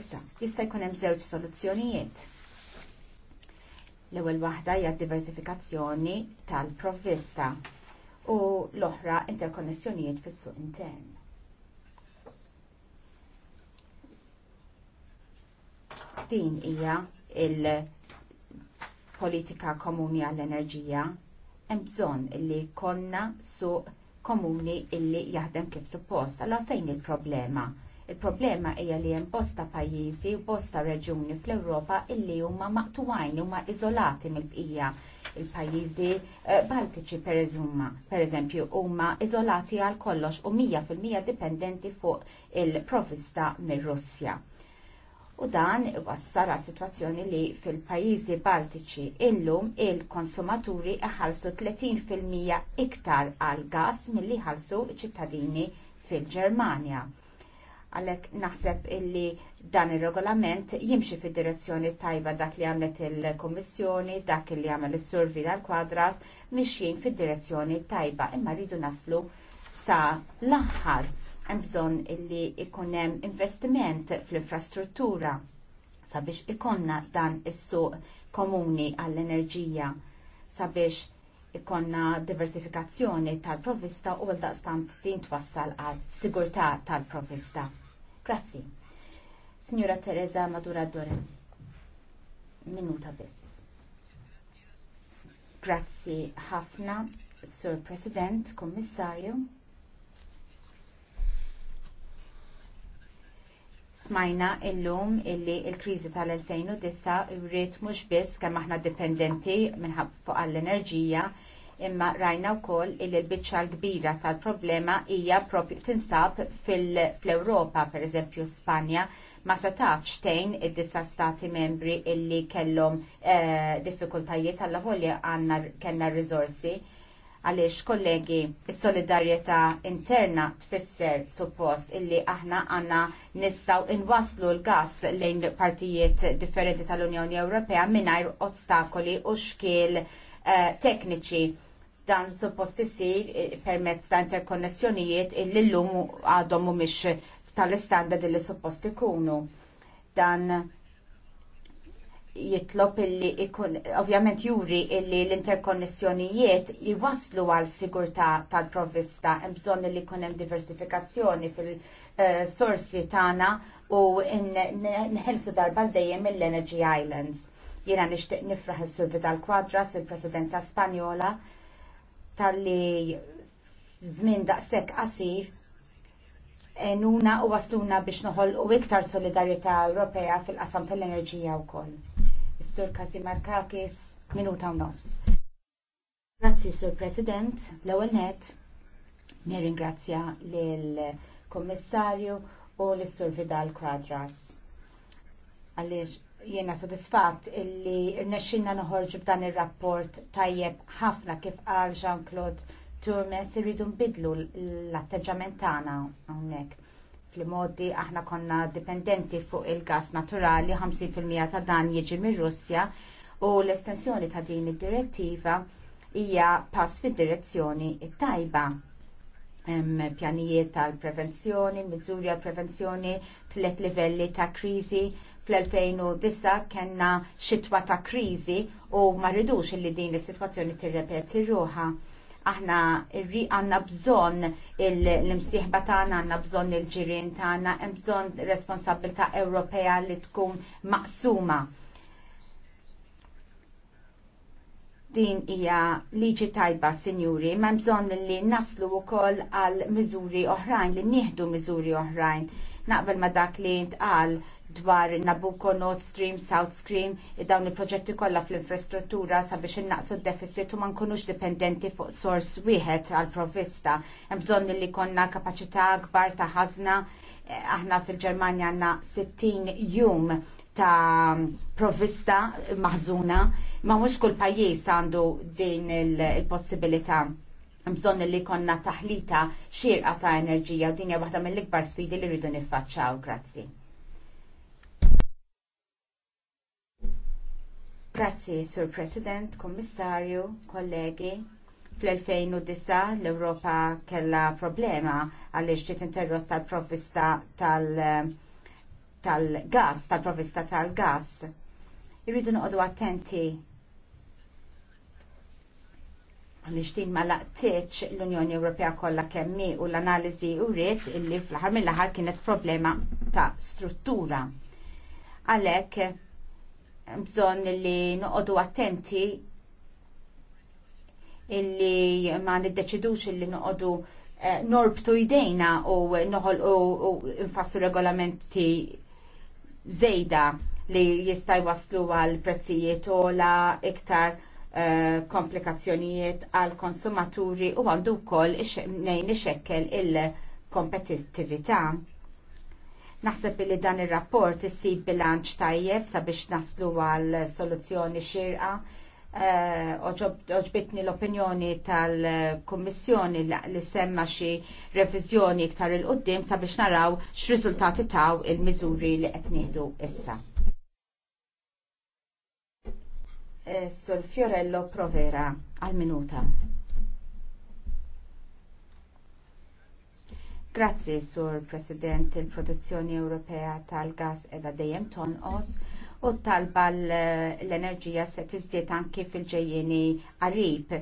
Issa, jista' jkun hemm żewġ soluzzjonijiet. L-ewwel waħda hija diversifikazzjoni tal-provvista u l-oħra interkonnessjonijiet fis-suq intern Din hija il-politika komuni għall-enerġija. Hemm bżonn illi konna su komuni illi jaħdem kif suppost. Allora fejn il-problema? Il-problema hija li hemm bosta pajjiżi u bosta reġuni fl-Ewropa illi huma maqtuwajni huma iżolati mill-bqija. Il-pajjiżi eh, Baltiċi pereżempju huma iżolati għal kollox u mija fil-mija dipendenti fuq il-provista mir-Russja u dan wassara situazzjoni li fil-pajjiżi Baltiċi illum il-konsumaturi iħallsu 30% iktar għal gas milli ħalsu ċittadini fil-Ġermanja. Għalek naħseb illi dan il-regolament jimxi fi direzzjoni tajba dak li għamlet il komissjoni dak li għamel il-Survi dal-Kwadras, miexjien fi direzzjoni tajba imma rridu naslu sa l-aħħar hemm bżonn illi ikun hemm investiment fl-infrastruttura sabiex ikonna dan is-suq komuni għall-enerġija sabiex ikonna diversifikazzjoni tal-provista u għaldaqstant daqstant din twassal għal sigurtà tal-provista. Grazzi. Signora Teresa Madura Dore, Minuta biss. Grazzi ħafna, Sur President, Kommissarju. Smajna illum illi il-krizi tal-2009 rrit mux biss kemm aħna dipendenti minħabba fuq l enerġija imma rajna wkoll illi l-biċċa l-kbira tal-problema hija propju tinsab fil-Ewropa, pereżempju Spanja, ma setax tejn id-disa stati membri illi kellhom eh, diffikultajiet għalla volja għandna kellna r-riżorsi għaliex kollegi il solidarjetà interna tfisser suppost illi aħna għanna nistaw inwaslu l-gas lejn partijiet differenti tal-Unjoni Ewropea mingħajr ostakoli u xkiel uh, tekniċi dan suppost isir eh, permezz ta' interkonnessjonijiet illi l-lum għadhom mhumiex tal-istandard illi suppost ikunu. Dan jitlob illi ikun, ovvjament juri illi l-interkonnessjonijiet jwaslu għal sigurtà tal-provvista, hemm bżonn li jkun hemm diversifikazzjoni fil-sorsi tagħna u nħelsu darba dejjem mill-Energy Islands. Jiena nixtieq nifraħ is-Sur tal Quadras, il-Presidenza Spanjola, tal-li żmien daqshekk qasir enuna u wasluna biex noħol u iktar solidarjetà Ewropea fil-qasam tal-enerġija wkoll. Sur Kasimar Kakis, minuta u nofs. Grazzi, Sur President, l net nirringrazzja l-Kommissarju u l-Sur Vidal Quadras. Għalix Jiena sodisfatt illi rnexxinna noħorġu b'dan ir-rapport tajjeb ħafna kif qal Jean-Claude Turmes irridu nbidlu l-atteġġament tagħna hawnhekk fl-modi aħna konna dipendenti fuq il-gas naturali, 50% ta' dan jiġi mir russja u l-estensjoni ta' din id-direttiva hija pass fid-direzzjoni tajba. Hemm pjanijiet tal-prevenzjoni, miżuri għall prevenzjoni tliet livelli ta' kriżi fl-2009 kena xitwa ta' kriżi u ma rridux li din is-sitwazzjoni tirrepeti ruha aħna għanna bżon l-imsieħba tagħna għanna bżon il-ġirien tagħna hemm bżonn responsabilità Ewropea li tkun maqsuma. Din hija liġi tajba, sinjuri, ma bżonn li naslu wkoll għal miżuri oħrajn, li nieħdu miżuri oħrajn. Naqbel ma dak li ntqal dwar Nabucco, Nord Stream, South Stream, dawn il-proġetti kollha fl-infrastruttura sabiex innaqsu d-deficit u ma nkunux dipendenti fuq sors wieħed għal provvista. Hemm bżonn li konna kapaċità akbar ta' ħażna eh, aħna fil-Ġermanja għandna 60 jum ta' provvista maħżuna, ma mhux kull pajjiż għandu din il-possibilità. Il bżonn li konna taħlita xirqa ta' enerġija u dinja waħda mill-ikbar sfidi li rridu niffaċċaw. Grazzi. Grazzi, Sur President, Kommissarju, kollegi. Fl-2009 l-Europa kella problema għaliex ġiet interrotta tal-provvista tal-gas, tal-provvista tal-gas. Irridu noqogħdu attenti għaliex din ma laqtitx l-Unjoni Ewropea kollha kemmi u l-analiżi u rrid illi fl ħar mill-aħħar kienet problema ta' struttura. Għalhekk bżon li noqodu attenti illi ma niddeċidux illi noqodu eh, norbtu idejna u noħol u infassu regolamenti zejda li jistaj waslu għal prezzijiet la iktar eh, komplikazzjonijiet għal konsumaturi u għandu kol nejni ixekkel il kompetitivita Naħseb li dan ir-rapport issib bilanċ tajjeb sabiex naslu għal soluzzjoni xirqa. Eh, oġbitni l-opinjoni tal-Kommissjoni li semma xi reviżjoni iktar il-qoddim sabiex naraw x'riżultati taw il-miżuri li qed ngħidu issa. Eh, Sur Fiorello Provera għal minuta. Grazzi, Sur President, il-produzzjoni Ewropea tal-gas edha dejjem tonqos u talba l-enerġija se tiżdied anki fil-ġejjeni qarib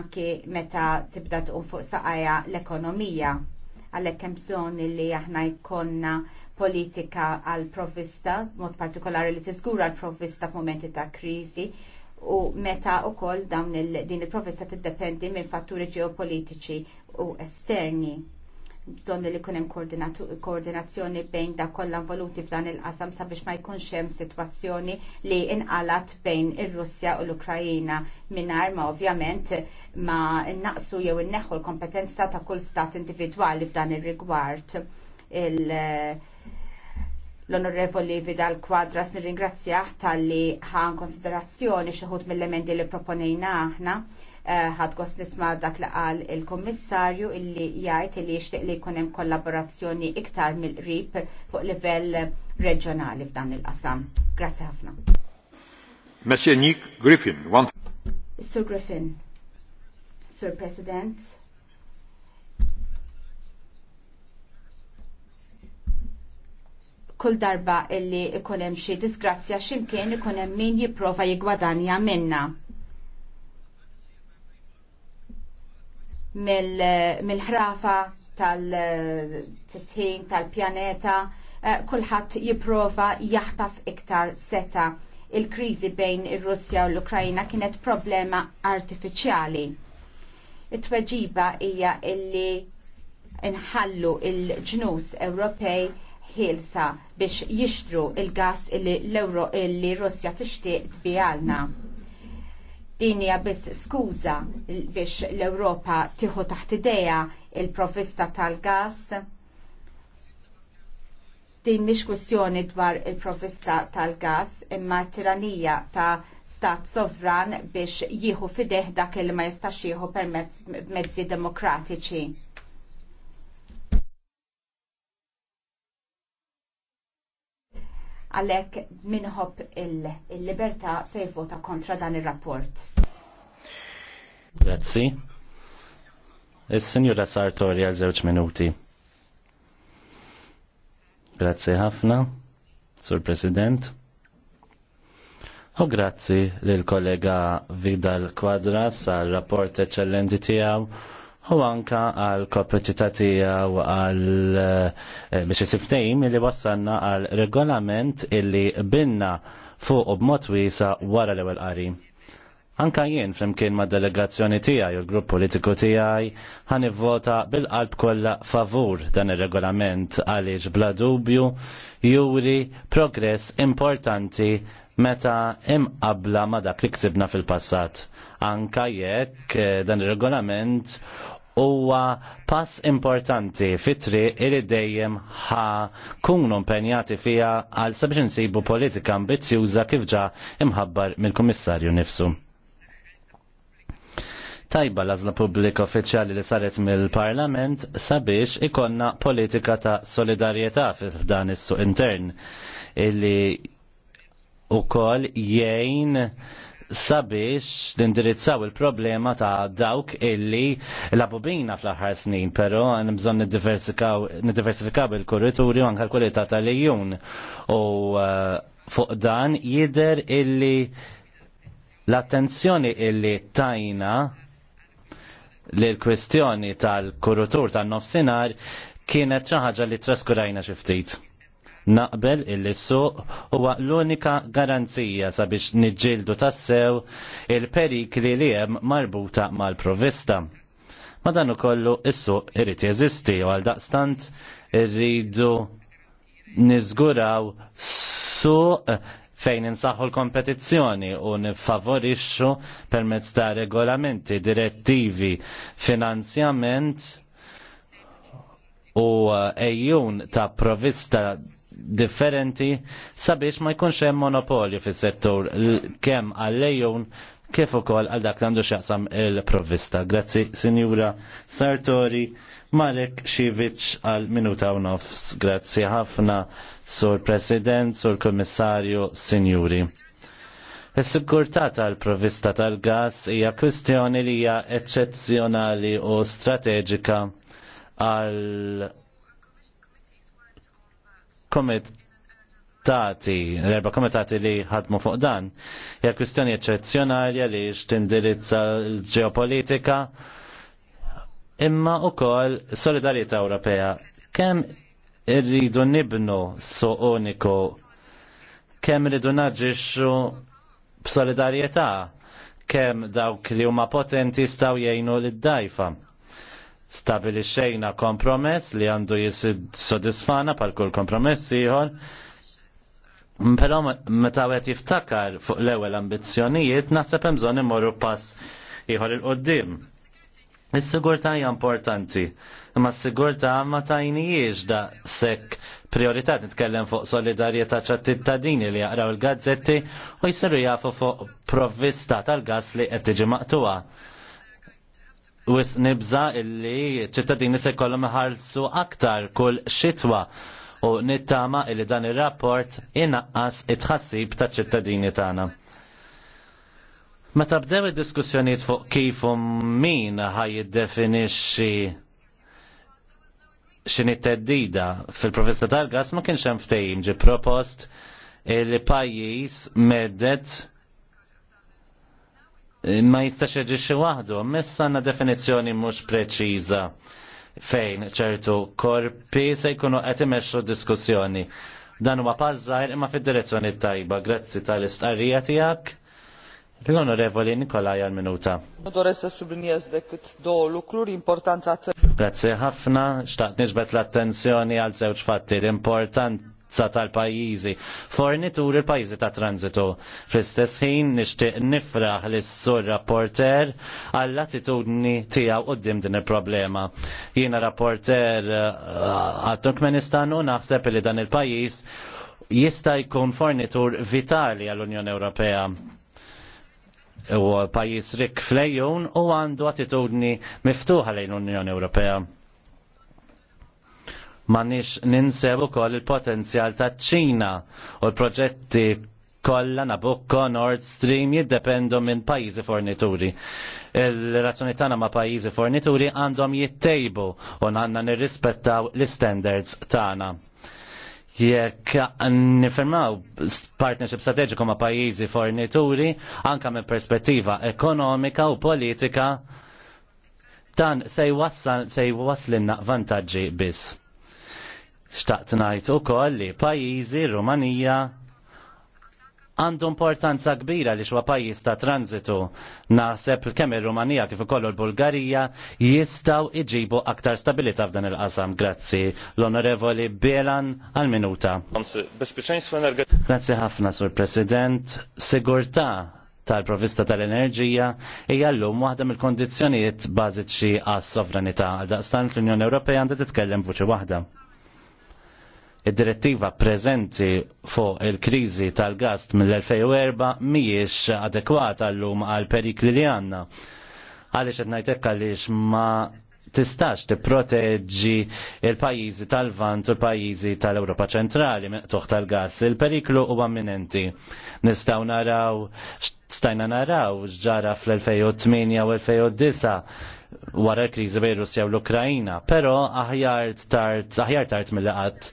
anki meta tibda tqum fuq saqajja l-ekonomija għalhekk hemm bżonn li aħna jkollna politika għal provvista, mod partikolari li tiżgura għal provvista f'momenti ta' kriżi u meta wkoll dawn din il-provvista tiddependi minn fatturi ġeopolitiċi u esterni bżonn li jkun hemm koordinazzjoni bejn dak kollan involuti f'dan il-qasam sabiex ma jkunx hemm sitwazzjoni li inqalat bejn ir-Russja u l-Ukrajina mingħajr ma ovvjament ma innaqsu jew inneħħu l-kompetenza ta' kull stat individwali f'dan ir-rigward il l-Onorevoli Vidal Quadras nirringrazzjah tal-li ħan konsiderazzjoni xeħut mill emendi li proponejna aħna Eh, gost nisma dak li qal il-Kommissarju illi jgħid li jixtieq li jkun hemm kollaborazzjoni iktar mill-qrib fuq livell reġjonali f'dan il-qasam. Grazzi ħafna. Messie Nick Griffin, one... Sir Griffin, Sir President, kull darba illi ikun hemm xi disgrazzja x'imkien ikun hemm min jipprova jigwadanja minna mill-ħrafa tal-tisħin tal-pjaneta, eh, kulħadd jipprova jaħtaf iktar seta. Il-kriżi bejn ir-Russja u l-Ukrajna kienet problema artifiċjali. It-tweġiba hija illi nħallu il-ġnus Ewropej ħielsa biex jixtru il-gas illi l-Russja tixtieq tbijalna. Din hija biss skuża biex l-Ewropa tieħu taħt idea il-provista tal-gas. Din mhix kwestjoni dwar il-provista tal-gas imma tiranija ta' stat sovran biex jieħu fideh dak il ma jistax jieħu permezz mezzi demokratiċi għalek minħob il-liberta se jivvota kontra dan il-rapport. Grazzi. Is-Sinjura Sartori għal żewġ minuti. Grazzi ħafna, Sur President. U grazzi lil kollega Vidal Quadras għal rapport eccellenti tiegħu u anka għal kompetita tiegħu għal biex isibtejm li wassalna għal regolament illi binna fuq u b'mod wiesa wara l-ewwel qari. Anka jien flimkien ma' delegazzjoni tiegħi u l-grupp politiku tiegħi ħan ivvota bil-qalb kollha favur dan ir-regolament għaliex bla dubju juri progress importanti meta imqabla ma dak li ksibna fil-passat. Anka jekk eh, dan ir-regolament huwa pass importanti fitri iri dejjem ħa kunu impenjati fija għal sabiex insibu politika ambizzjuża kif ġa imħabbar mill-Kummissarju nifsu. Tajba l-azla pubblika uffiċjali li saret mill-Parlament sabiex ikonna politika ta' solidarjetà f'dan is-suq intern illi u jgħin sabiex nindirizzaw il-problema ta' dawk illi bina fl-aħħar snin, pero għan bżon nid-diversifikaw il kurituri u anka l-kwalità tal-ejjun. U uh, fuq dan jider illi l-attenzjoni illi tajna l-kwestjoni tal-kurutur tal-nofsinar kienet raħġa li traskurajna xiftit naqbel illi suq huwa l-unika garanzija sabiex niġġieldu tassew il-perikli li hemm marbuta mal-provista. Ma dan ukollu is-suq irid jeżisti u għal daqstant irridu niżguraw suq fejn insaħħu l-kompetizzjoni u nifavorixxu permezz ta' regolamenti, direttivi, finanzjament u eh, ejjun ta' provista differenti sabiex ma jkunx hemm monopolju fis-settur kemm għal kif ukoll għal dak għandu x'jaqsam il-provvista. Grazzi Sinjura Sartori, Malek Xivic għal minuta u nofs. Grazzi ħafna Sur President, Sur Kommissarju, Sinjuri. Is-sigurtà tal-provvista tal-gas hija kwistjoni li hija eċċezzjonali u strateġika għal komitati, l-erba komitati li ħadmu fuq dan, hija kwistjoni eċċezzjonali li x'tindirizza l-ġeopolitika imma wkoll solidarjetà Ewropea. Kemm irridu nibnu suq uniku kemm irridu naġixxu b'solidarjetà kemm dawk li huma potenti staw jgħinu lid-dajfa stabilixxejna kompromess li għandu jisid sodisfana pal kull kompromess ieħor. Però meta għet jiftakar fuq l-ewwel ambizzjonijiet naħseb hemm bżonn imorru pass ieħor il-qoddim. Is-sigurtà hija importanti, imma s-sigurtà ma tajnijiex da sekk priorità nitkellem fuq solidarjetà ċat-tittadini li jaqraw il-gazzetti u jsiru jafu fuq provvista tal-gas li qed tiġi maqtuha wis nibza illi ċittadini se kollum ħarsu aktar kull xitwa u nittama illi dan ir-rapport inaqqas it-ħassib ta' ċittadini tagħna. Meta bdew id-diskussjonijiet fuq kif u min ħaj jiddefinixxi xini teddida fil-professa tal-gas ma kienx hemm ftehim ġi propost il-pajjiż medet ma jistax jaġixxi waħdu, messa għandna definizzjoni mhux preċiża fejn ċertu korpi se jkunu qed imexxu diskussjoni. Dan huwa pazzajr imma fid-direzzjoni tajba. Grazzi tal-istqarrija tiegħek. L-Onorevoli Nikolaj għal-minuta. Doressa sublinjez t-dolu, klur importanza Grazzi ħafna, xtaqt nġbet l-attenzjoni għal żewġ fatti l-importanti karozza tal-pajjiżi fornitur il-pajjiżi ta' tranzitu. Fl-istess ħin nixtieq nifraħ lis sur rapporter għall attitudni tiegħu qudiem din il-problema. Jiena rapporter eh, għat-Turkmenistan u naħseb li dan il-pajjiż jista' jkun fornitur vitali għall-Unjoni Ewropea u pajjiż rik flejjun u għandu attitudni miftuħa lejn l-Unjoni Ewropea Ma nix ninsebu kol il-potenzjal ta' ċina u l-proġetti kollha Nabucco, Nord Stream jiddependu minn pajjiżi fornituri. Il-razzjoni tagħna ma' pajjiżi fornituri għandhom jittejbu u għanna nirrispettaw l-standards tagħna jekk nifirmaw partnership strategiku ma' pajjiżi fornituri anka minn perspettiva ekonomika u politika dan se jwassal se jwaslinna vantaġġi biss. Xtaqt ngħid ukoll li pajjiżi Rumanija għandu importanza kbira li xwa pajjiż ta' tranzitu naħseb kemm ir-Rumanija kif ukoll l-Bulgarija jistgħu iġibu aktar stabilità f'dan il-qasam. Grazzi l-Onorevoli Belan għal minuta. Grazzi ħafna sur President. Sigurtà tal-provista tal-enerġija hija llum waħda mill-kondizzjonijiet bażiċi għas-sovranità għal daqstant l-Unjoni Ewropea għandha titkellem vuċi waħda id-direttiva preżenti fuq il-kriżi tal-gast mill-2004 mhijiex adekwata llum għal perikli li għandna. Għaliex qed ngħidlek għaliex ma tistax tipproteġġi il-pajjiżi tal-Vant u l-pajjiżi tal-Ewropa ċentrali meqtuħ tal-gass. Il-periklu huwa imminenti. Nistgħu naraw stajna naraw x'ġara fl-2008 u 2009 wara l-kriżi bejn Russja u l ukrajina però aħjar tard aħjar tard mill għat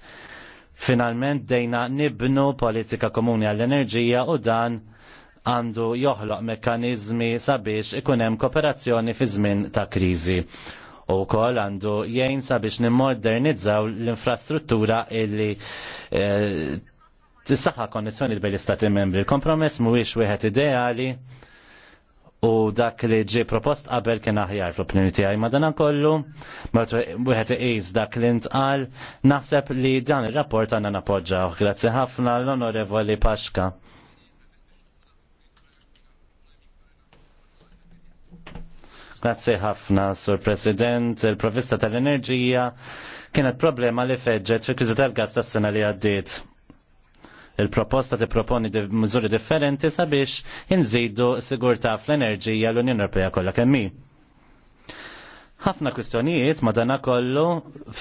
Finalment dejna nibnu politika komuni għall-enerġija u dan għandu joħloq mekkanizmi sabiex ikun hemm kooperazzjoni fi żmien ta' kriżi. U kol għandu jgħin sabiex nimmodernizzaw l-infrastruttura illi eh, tistaħħa konnessjoni bejn l-istati membri. Il-kompromess mhuwiex wieħed ideali, u dak li ġi propost qabel kien aħjar fl-opinjoni tiegħi. madana kollu, wieħed iqis dak li ntqal, naħseb li dan ir-rapport għandna napoġġaw. Grazzi ħafna l-Onorevoli Paxka. Grazzi ħafna, Sur President, il-provista tal-enerġija kienet problema li feġġet fi kriżi tal-gas tas-sena li għaddiet Il-proposta tipproponi miżuri differenti sabiex inżidu s-sigurta fl-enerġija l-Unjoni Ewropea kollha kemm ħafna kwistjonijiet madana kollu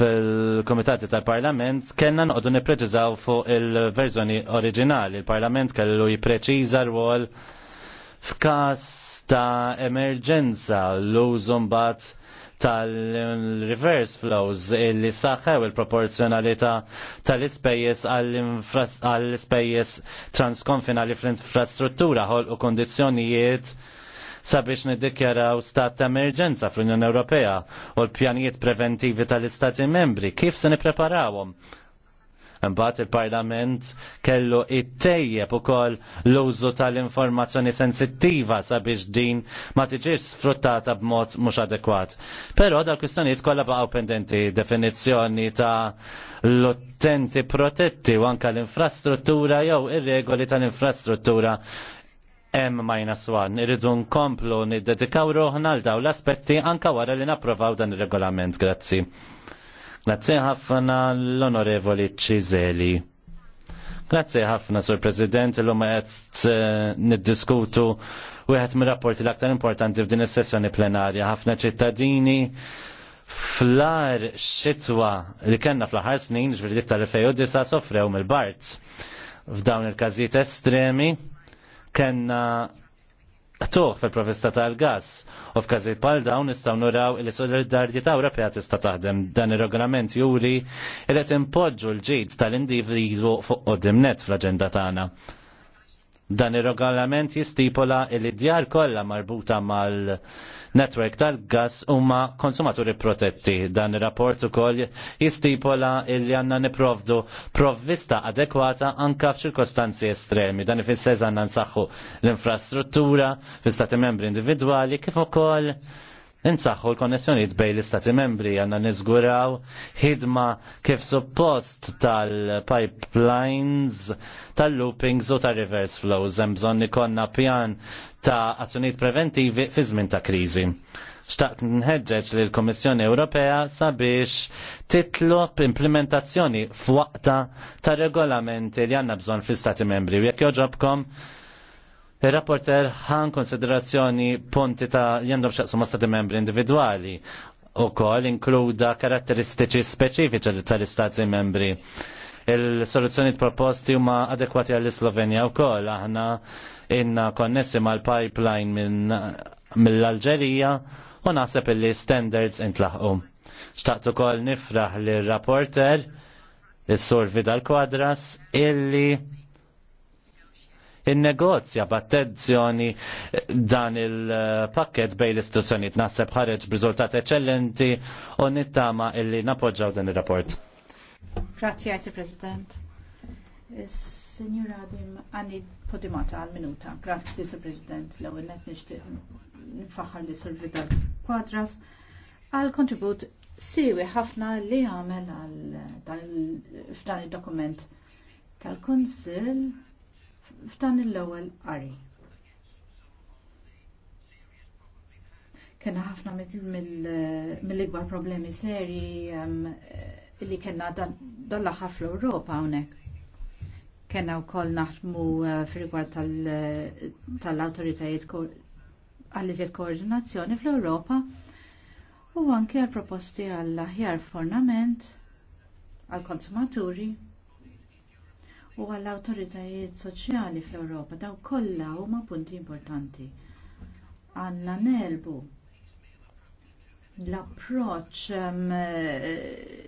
fil-komitati tal-parlament kellna noqdu nippreċizaw fuq il-verżjoni oriġinali. Il-parlament kellu jippreċiża rwol f'każ ta' emerġenza l użu mbagħad tal-reverse flows illi saħħew il-proporzjonalità tal-ispejjeż għall-ispejjeż transkonfinali fl-infrastruttura ħolqu kondizzjonijiet sabiex niddikjaraw stat ta' emerġenza fl-Unjoni Ewropea u l-pjanijiet preventivi tal-Istati membri. Kif se nippreparawhom? Mbagħad il-Parlament kellu ittejjeb ukoll l-użu tal-informazzjoni sensittiva sabiex din ma tiġix sfruttata b'mod mhux adekwat. Però dal kwistjonijiet kollha baqgħu pendenti definizzjoni ta' l-utenti protetti u anke l-infrastruttura jew ir-regoli tal-infrastruttura M-1, irridu nkomplu niddedikaw roħna għal daw l-aspetti anka wara li napprovaw dan ir regolament Grazzi. Grazzi ħafna l-onorevoli Ciseli. Grazie ħafna, Sur President, l-lum għed eh, niddiskutu u għed mir-rapporti l-aktar importanti f'din is-sessjoni plenarja. ħafna ċittadini fl-ar xitwa li kena fl-ħar snin, ġveri dik tal disa sofrew mill-Bart. F'dawn il-każijiet estremi, kena toħ fil-provista tal-gas. U f'każijiet bħal dawn nistgħu nuraw li solidarjetà Ewropea tista' taħdem dan ir-regolament juri li qed impoġġu l-ġid tal-individwu fuq qudiem net fl-aġenda tagħna. Dan ir-regolament jistipula li djar kollha marbuta mal netwerk tal-gas huma konsumaturi protetti. Dan ir-rapport ukoll jistipula li għandna niprovdu provvista adekwata anka f'ċirkostanzi estremi. Dan ifisser għandna nsaħħu l-infrastruttura fi stati membri individwali kif ukoll Insaħħu l-konnessjoniet bej l-istati membri għanna nizguraw ħidma kif suppost tal-pipelines, tal-loopings u tal-reverse flows. Hemm bżonn ikonna pjan ta' azzjonijiet preventivi fi żmien ta' kriżi. Xtaqt nħeġġeġ li l-Kommissjoni Ewropea sabiex titlob implementazzjoni f'waqta ta' regolamenti li għanna bżonn fl-Stati membri. U jekk joġobkom, Il-rapporter ħan konsiderazzjoni punti ta' jendom xaqsu ma' stati membri individuali u kol inkluda karatteristiċi speċifiċi tal-istati membri. Il-soluzzjoni proposti huma adekwati għall-Slovenja u kol aħna inna konnessi mal-pipeline mill-Alġerija u naħseb li standards intlaħu. Xtaqtu kol nifraħ li rapporter il-sur Vidal Quadras illi innegozja b'attenzjoni eh, dan il-pakket bej l-istituzzjonijiet naħseb ħareġ b'riżultat eċċellenti u nittama illi napoġġaw dan ir-rapport. Grazzi għajti President. Signora Adim, għani podimata għal-minuta. Grazzi, Sir President, l-ewel net nishtiq nifaxħar li Sir Vidal għal-kontribut siwi ħafna li għamel għal f'dan il-dokument tal-Konsil f'dan l-ewwel qari. Kenna ħafna mill-ikbar problemi seri ehm, li kena dal-laħħa fl-Ewropa hawnhekk. Kenna wkoll naħdmu eh, fir-rigward tal-awtoritajiet għall-iżjed koordinazzjoni fl-Ewropa u anke għal proposti għall-aħjar fornament għal-konsumaturi u għall awtoritajiet soċjali fl-Ewropa daw kollha huma punti importanti. Għandna nelbu l approċċ eh,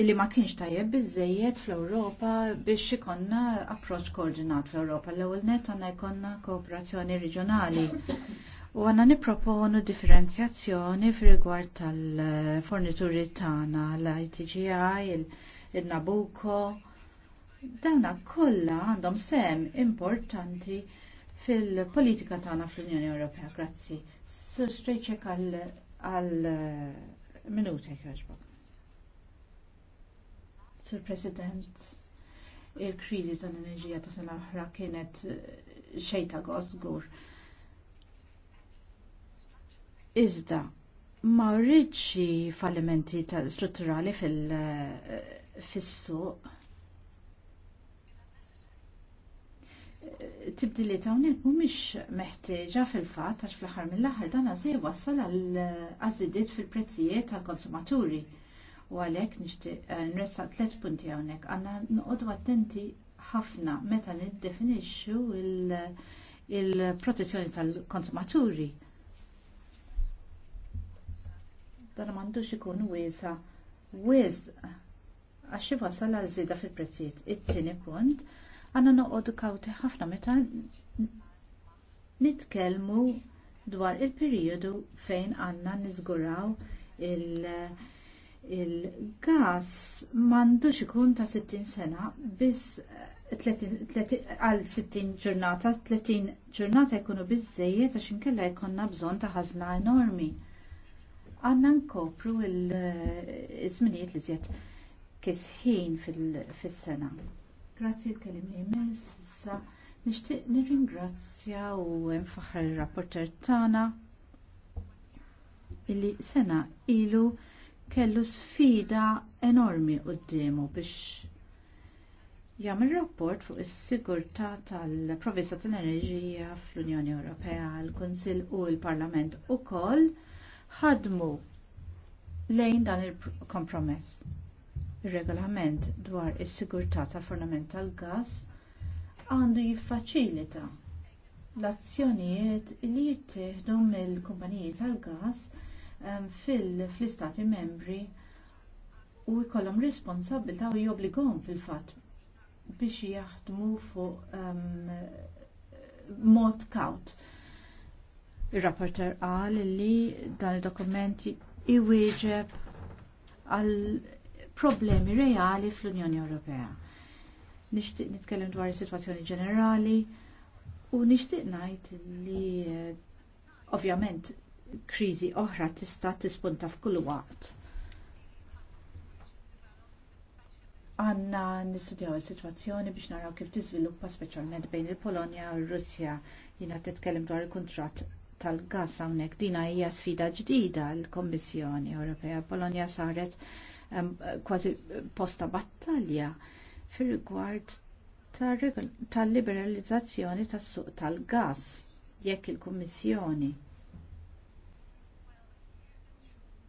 illi ma kienx tajjeb biżejjed fl-Ewropa biex ikonna approċċ koordinat fl-Ewropa. L-ewwel net għandna jkollna kooperazzjoni reġjonali u għanna nipproponu differenzjazzjoni fir-rigward tal-fornituri tagħna l-ITGI, il-Nabucco, il nabucco Dawna kollha għandhom sem importanti fil-politika tagħna fl-Unjoni Ewropea. Grazzi. Sur Strejċek għal eh, minuta jkjoġbok. Sur President, il-kriżi tal-enerġija ta' sena oħra kienet eh, xejta gosgur. Iżda, ma rridx fallimenti strutturali fil-suq eh, li ta' unek mhumiex meħtieġa fil-fat għax fl aħħar mill aħħar dan għazej wassal għal-għazidiet eh, fil-prezzijiet tal-konsumaturi. U għalek nixtieq eh, nressaq tlet punti għonek għanna noqodu attenti ħafna meta niddefinixxu il-protezzjoni tal-konsumaturi. Dan m'għandux ikun wiesa wies għax wasal għal żieda fil-prezzijiet. It-tieni punt Għanna noqodu kawti ħafna meta nitkelmu dwar il-periodu fejn għanna nizguraw il- il-gas mandu ikun ta' 60 sena biss eh, għal 60 ġurnata, 30 ġurnata jkunu bizzejiet għax inkella jkunna bżon ta' ħazna enormi. Għanna nkopru il eh, izminiet li zjed kisħin fil-sena. Grazzi l-kelimni l sa nishtiq nirringrazzja u nfaħar il-rapporter tana illi sena ilu kellu sfida enormi d-demu biex jagħmel rapport fuq is-sigurtà tal provisa tal-enerġija fl-Unjoni Ewropea, l-Kunsill u l-Parlament ukoll ħadmu lejn dan il-kompromess regolament dwar is-sigurtà tal-fornament tal-gas għandu jiffaċilita l-azzjonijiet li jittieħdu mill-kumpaniji tal-gas ehm, fil-istati membri u jkollhom responsabilità u jobbligom fil-fatt biex jaħdmu fuq ehm, mod kaut. Ir-rapporter qal li dan id dokument iwieġeb għal problemi reali fl-Unjoni Ewropea. Nixtieq nitkellem dwar is-sitwazzjoni ġenerali u nixtieq ngħid li eh, ovvjament kriżi oħra tista' tispunta f'kull waqt. Għanna nistudjaw is-sitwazzjoni biex naraw kif tiżviluppa speċjalment bejn il-Polonja u r-Russja jiena titkellem dwar il-kuntratt tal-gas hawnhekk dina hija sfida ġdida l-Kommissjoni Ewropea. Polonja saret kważi posta battalja fil-rigward tal-liberalizzazzjoni tas-suq tal-gas jekk il-Kummissjoni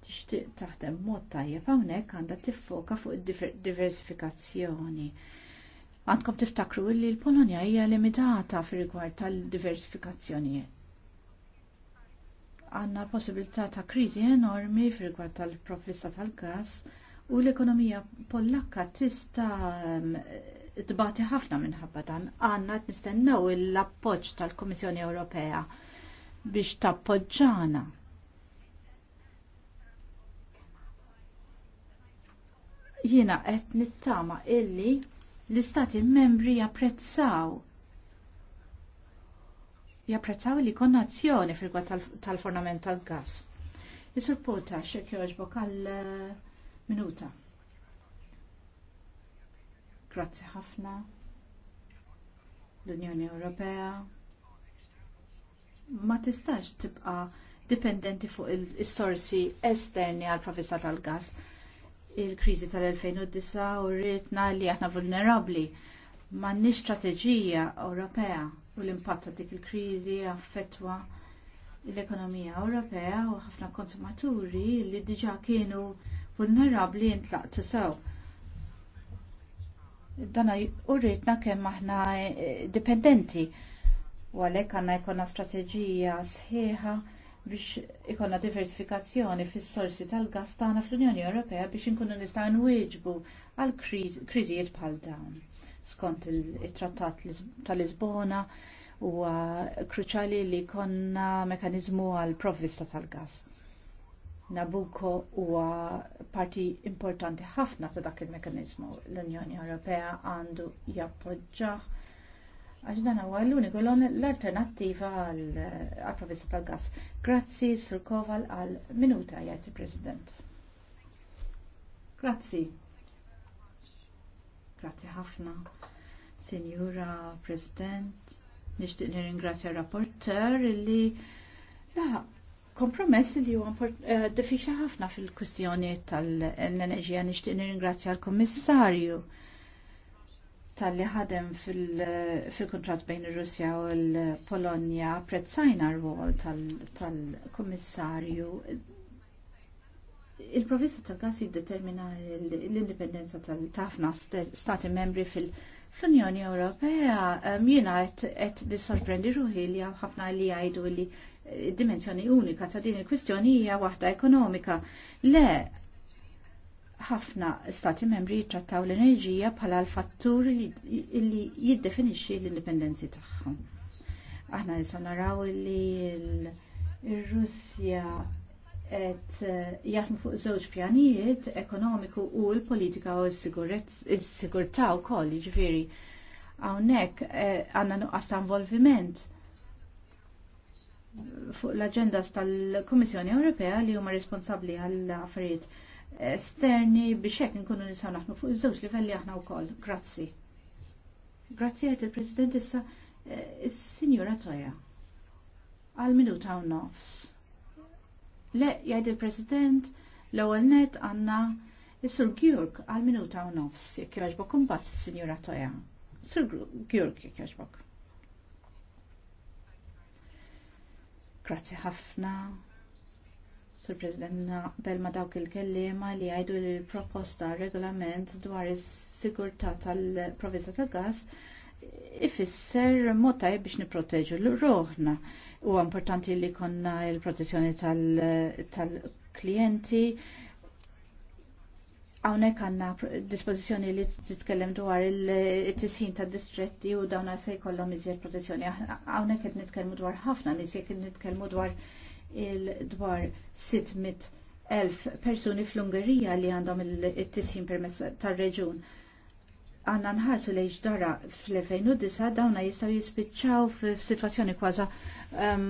tixtieq taħdem mod tajjeb hawnhekk għandha tiffoka fuq id-diversifikazzjoni. Għandkom tiftakru li l-Polonja hija limitata fir-rigward tal-diversifikazzjoni. Għandna possibilità ta' kriżi enormi fir-rigward tal-provvista tal-gas. tal provvista tal gas tal tal gas u l-ekonomija pollakka tista tbati ħafna minħabba dan. Għanna nistennew l-appoġġ tal-Komissjoni Ewropea biex tappoġġana. Jiena qed nittama illi l-istati membri japprezzaw japprezzaw li konnazzjoni fil-gwad tal-fornament tal-gas. Isur Potax, jek joġbok Minuta. Grazie ħafna. L-Unjoni Ewropea ma tistax tibqa dipendenti fuq il-sorsi esterni għal provista tal-gas. Il-krizi tal-2009 u rritna li aħna vulnerabli manni strateġija Ewropea u l-impatt ta' dik il-krizi affettwa l-ekonomija Ewropea u ħafna konsumaturi li diġa kienu vulnerabli jintlaqtu sew. Dana urritna kemm aħna eh, dipendenti u għalhekk għandna jkollna strateġija sħiħa biex ikonna diversifikazzjoni fis-sorsi tal-gas tagħna fl-Unjoni Ewropea biex inkunu nistgħu nwieġbu għal kriżijiet bħal dawn. Skont il-Trattat tal-Lisbona huwa kruċali li konna mekanizmu għal provvista tal-gas. Nabucco huwa parti importanti ħafna ta' dak il-mekanizmu l-Unjoni Ewropea għandu jappoġġa għax dan huwa l-uniku l-alternattiva għal provvista tal-gas. Grazzi Sur Koval għal minuta jgħid il-President. Grazzi. Grazzi ħafna. Sinjura President, nixtieq nirringrazzja rapporter illi laħaq kompromess li huwa eh, diffiċli ħafna fil-kwistjoni tal-enerġija nixtieq nirringrazzja l-Kummissarju tal-li ħadem fil-kontrat bejn ir-Russja u l-Polonja prezzajna r-rwol tal-Kummissarju. Il-provvista tal-gas jiddetermina l-indipendenza tal-tafna stati membri fil- fl-Unjoni Ewropea jiena qed nissorprendi ruħi li ħafna li jgħidu li dimensjoni unika ta' din il-kwistjoni hija waħda ekonomika. Le, ħafna stati membri jittrattaw l-enerġija bħala l-fattur li jiddefinixxi l-indipendenzi tagħhom. Aħna nisa naraw li l-Russja qed eh, jaħdmu fuq żewġ pjanijiet ekonomiku u l-politika u s-sigurtà wkoll jiġifieri. Hawnhekk eh, għandna nuqqas ta' involviment fuq l-agendas tal-Kummissjoni Ewropea li huma responsabbli għall affarijiet esterni biex hekk inkunu nisa naħnu fuq iż-żewġ livelli aħna wkoll. Grazzi. Grazzi għed il-President issa eh, is-Sinjura Toja. Għal minuta u nofs. Le, jgħid il-President, l-ewwel net għandna Sur Gjurk għal minuta u nofs, jekk jogħġbok imbagħad is-Sinjura Toja. Sur Gjurk jekk jogħġbok. Grazzi ħafna. Sur President Belma ma dawk il-kellima li għajdu l-proposta regolament dwar is-sigurtà tal proviza tal-gas ifisser mod tajjeb biex nipproteġu l-roħna. Huwa importanti li konna l protezzjoni tal-klijenti. tal tal klijenti Għawnek għanna dispozizjoni li titkellem dwar il-tisħin ta' distretti u dawna se jkollhom iżjed protezzjoni. Għawnek qed nitkellmu dwar ħafna nis jekk nitkellmu dwar il-dwar 600,000 persuni fl-Ungerija li għandhom il-tisħin permess tar-reġun. Għanna nħarsu li ġdara fl-2009 dawna jistaw jispiċċaw f'sitwazzjoni kważa ehm,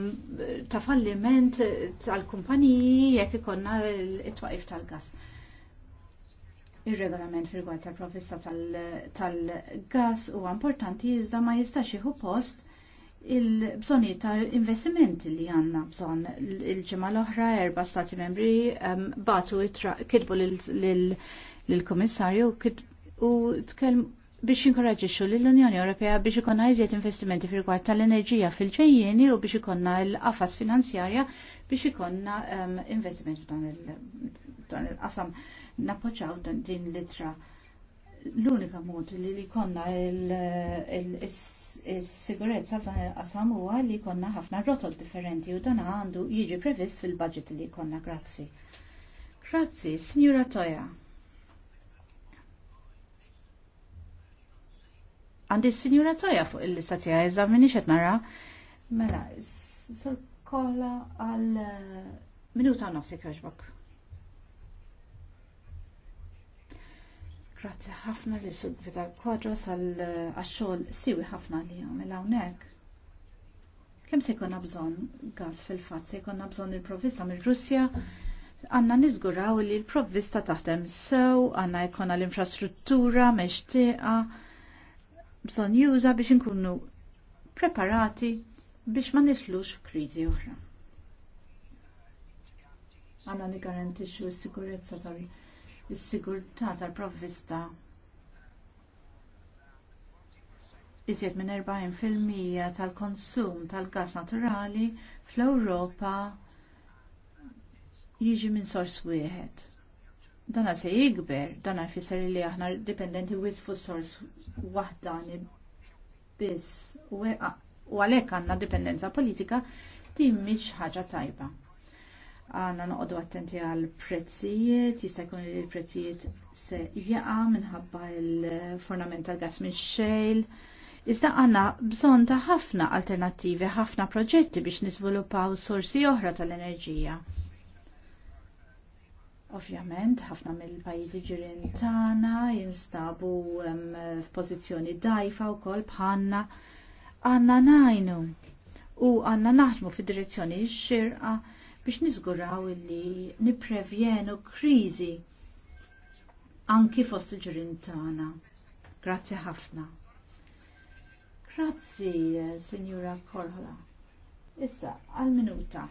ta' falliment tal-kumpaniji jekk ikonna il twaqif tal-gas Ir-regolament fil-gwar tal-provista tal-gas huwa importanti iżda ma jistax jieħu post il bżonnijiet ta' investimenti li għanna bżon il ġimgħa l-oħra erba stati membri batu kitbu lill komissarju u tkellmu biex jinkoraġġixxu lill unjoni Ewropea biex ikonna iżjed investimenti fil rigward tal-enerġija fil-ġejjieni u biex ikonna l-qafas finanzjarja biex ikonna investimenti investiment f'dan il-qasam nappoċaw din l L-unika mod li li konna il-sigurezza f'dan il-qasam huwa li konna ħafna rotol differenti u dan għandu jiġi previst fil-budget li konna. Grazzi. Grazzi, Signora Toja. Għandi Signora Toja fuq il-lista tiegħi minni xed nara. Mela, sol kolla għal eh, minuta nofsi kħarġbok. Grazzi ħafna li l kwadros eh, għal-xol siwi ħafna li għamil hawnhekk. Kemm se jkollna bżonn gas fil-fatt, se jkun bżonn il-provvista mill russja għanna nizguraw li l-provvista taħtem sew, għanna jkun l-infrastruttura meċtieqa bżon juża biex nkunu preparati biex ma nislux f'kriżi oħra. Għanna nigarantixxu s-sigurezza tal is-sigurtà tal-provvista iżjed minn 40% tal-konsum tal-gas naturali fl-Ewropa jiġi minn sors wieħed. Dana se jikber, dana jfisser li aħna dipendenti wis fuq sors waħda biss e- u għalhekk għandna dipendenza politika tim mhix ħaġa tajba għanna noqogħdu attenti għal prezzijiet, jista' jkun li l-prezzijiet se jaqa minħabba il-fornament tal-gas minn xejl. Iżda għanna bżon ta' ħafna alternattivi, ħafna proġetti biex niżviluppaw sorsi oħra tal-enerġija. Ovvjament, ħafna mill-pajjiżi ġirin tagħna jinstabu f'pożizzjoni dajfa wkoll bħalna għandna ngħinu u għandna naħdmu fid-direzzjoni x-xirqa biex niżguraw illi nipprevjenu kriżi anki fost il-ġurin tagħna. Grazzi ħafna. Grazzi, Signora Korhola. Issa, għal-minuta.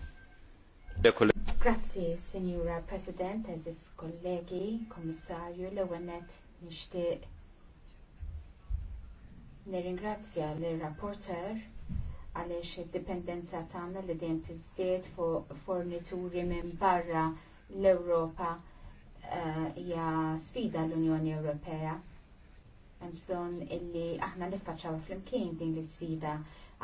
Grazzi, Signora President, eżis kollegi, komissarju, l għanet nishtiq Nirringrazzja l-rapporter għaliex id-dipendenza tagħna li dejjem tiżdied fuq fornituri minn barra l-Ewropa eh, hija uh, sfida l-Unjoni Ewropea. Hemm bżonn illi aħna niffaċċaw flimkien din l-isfida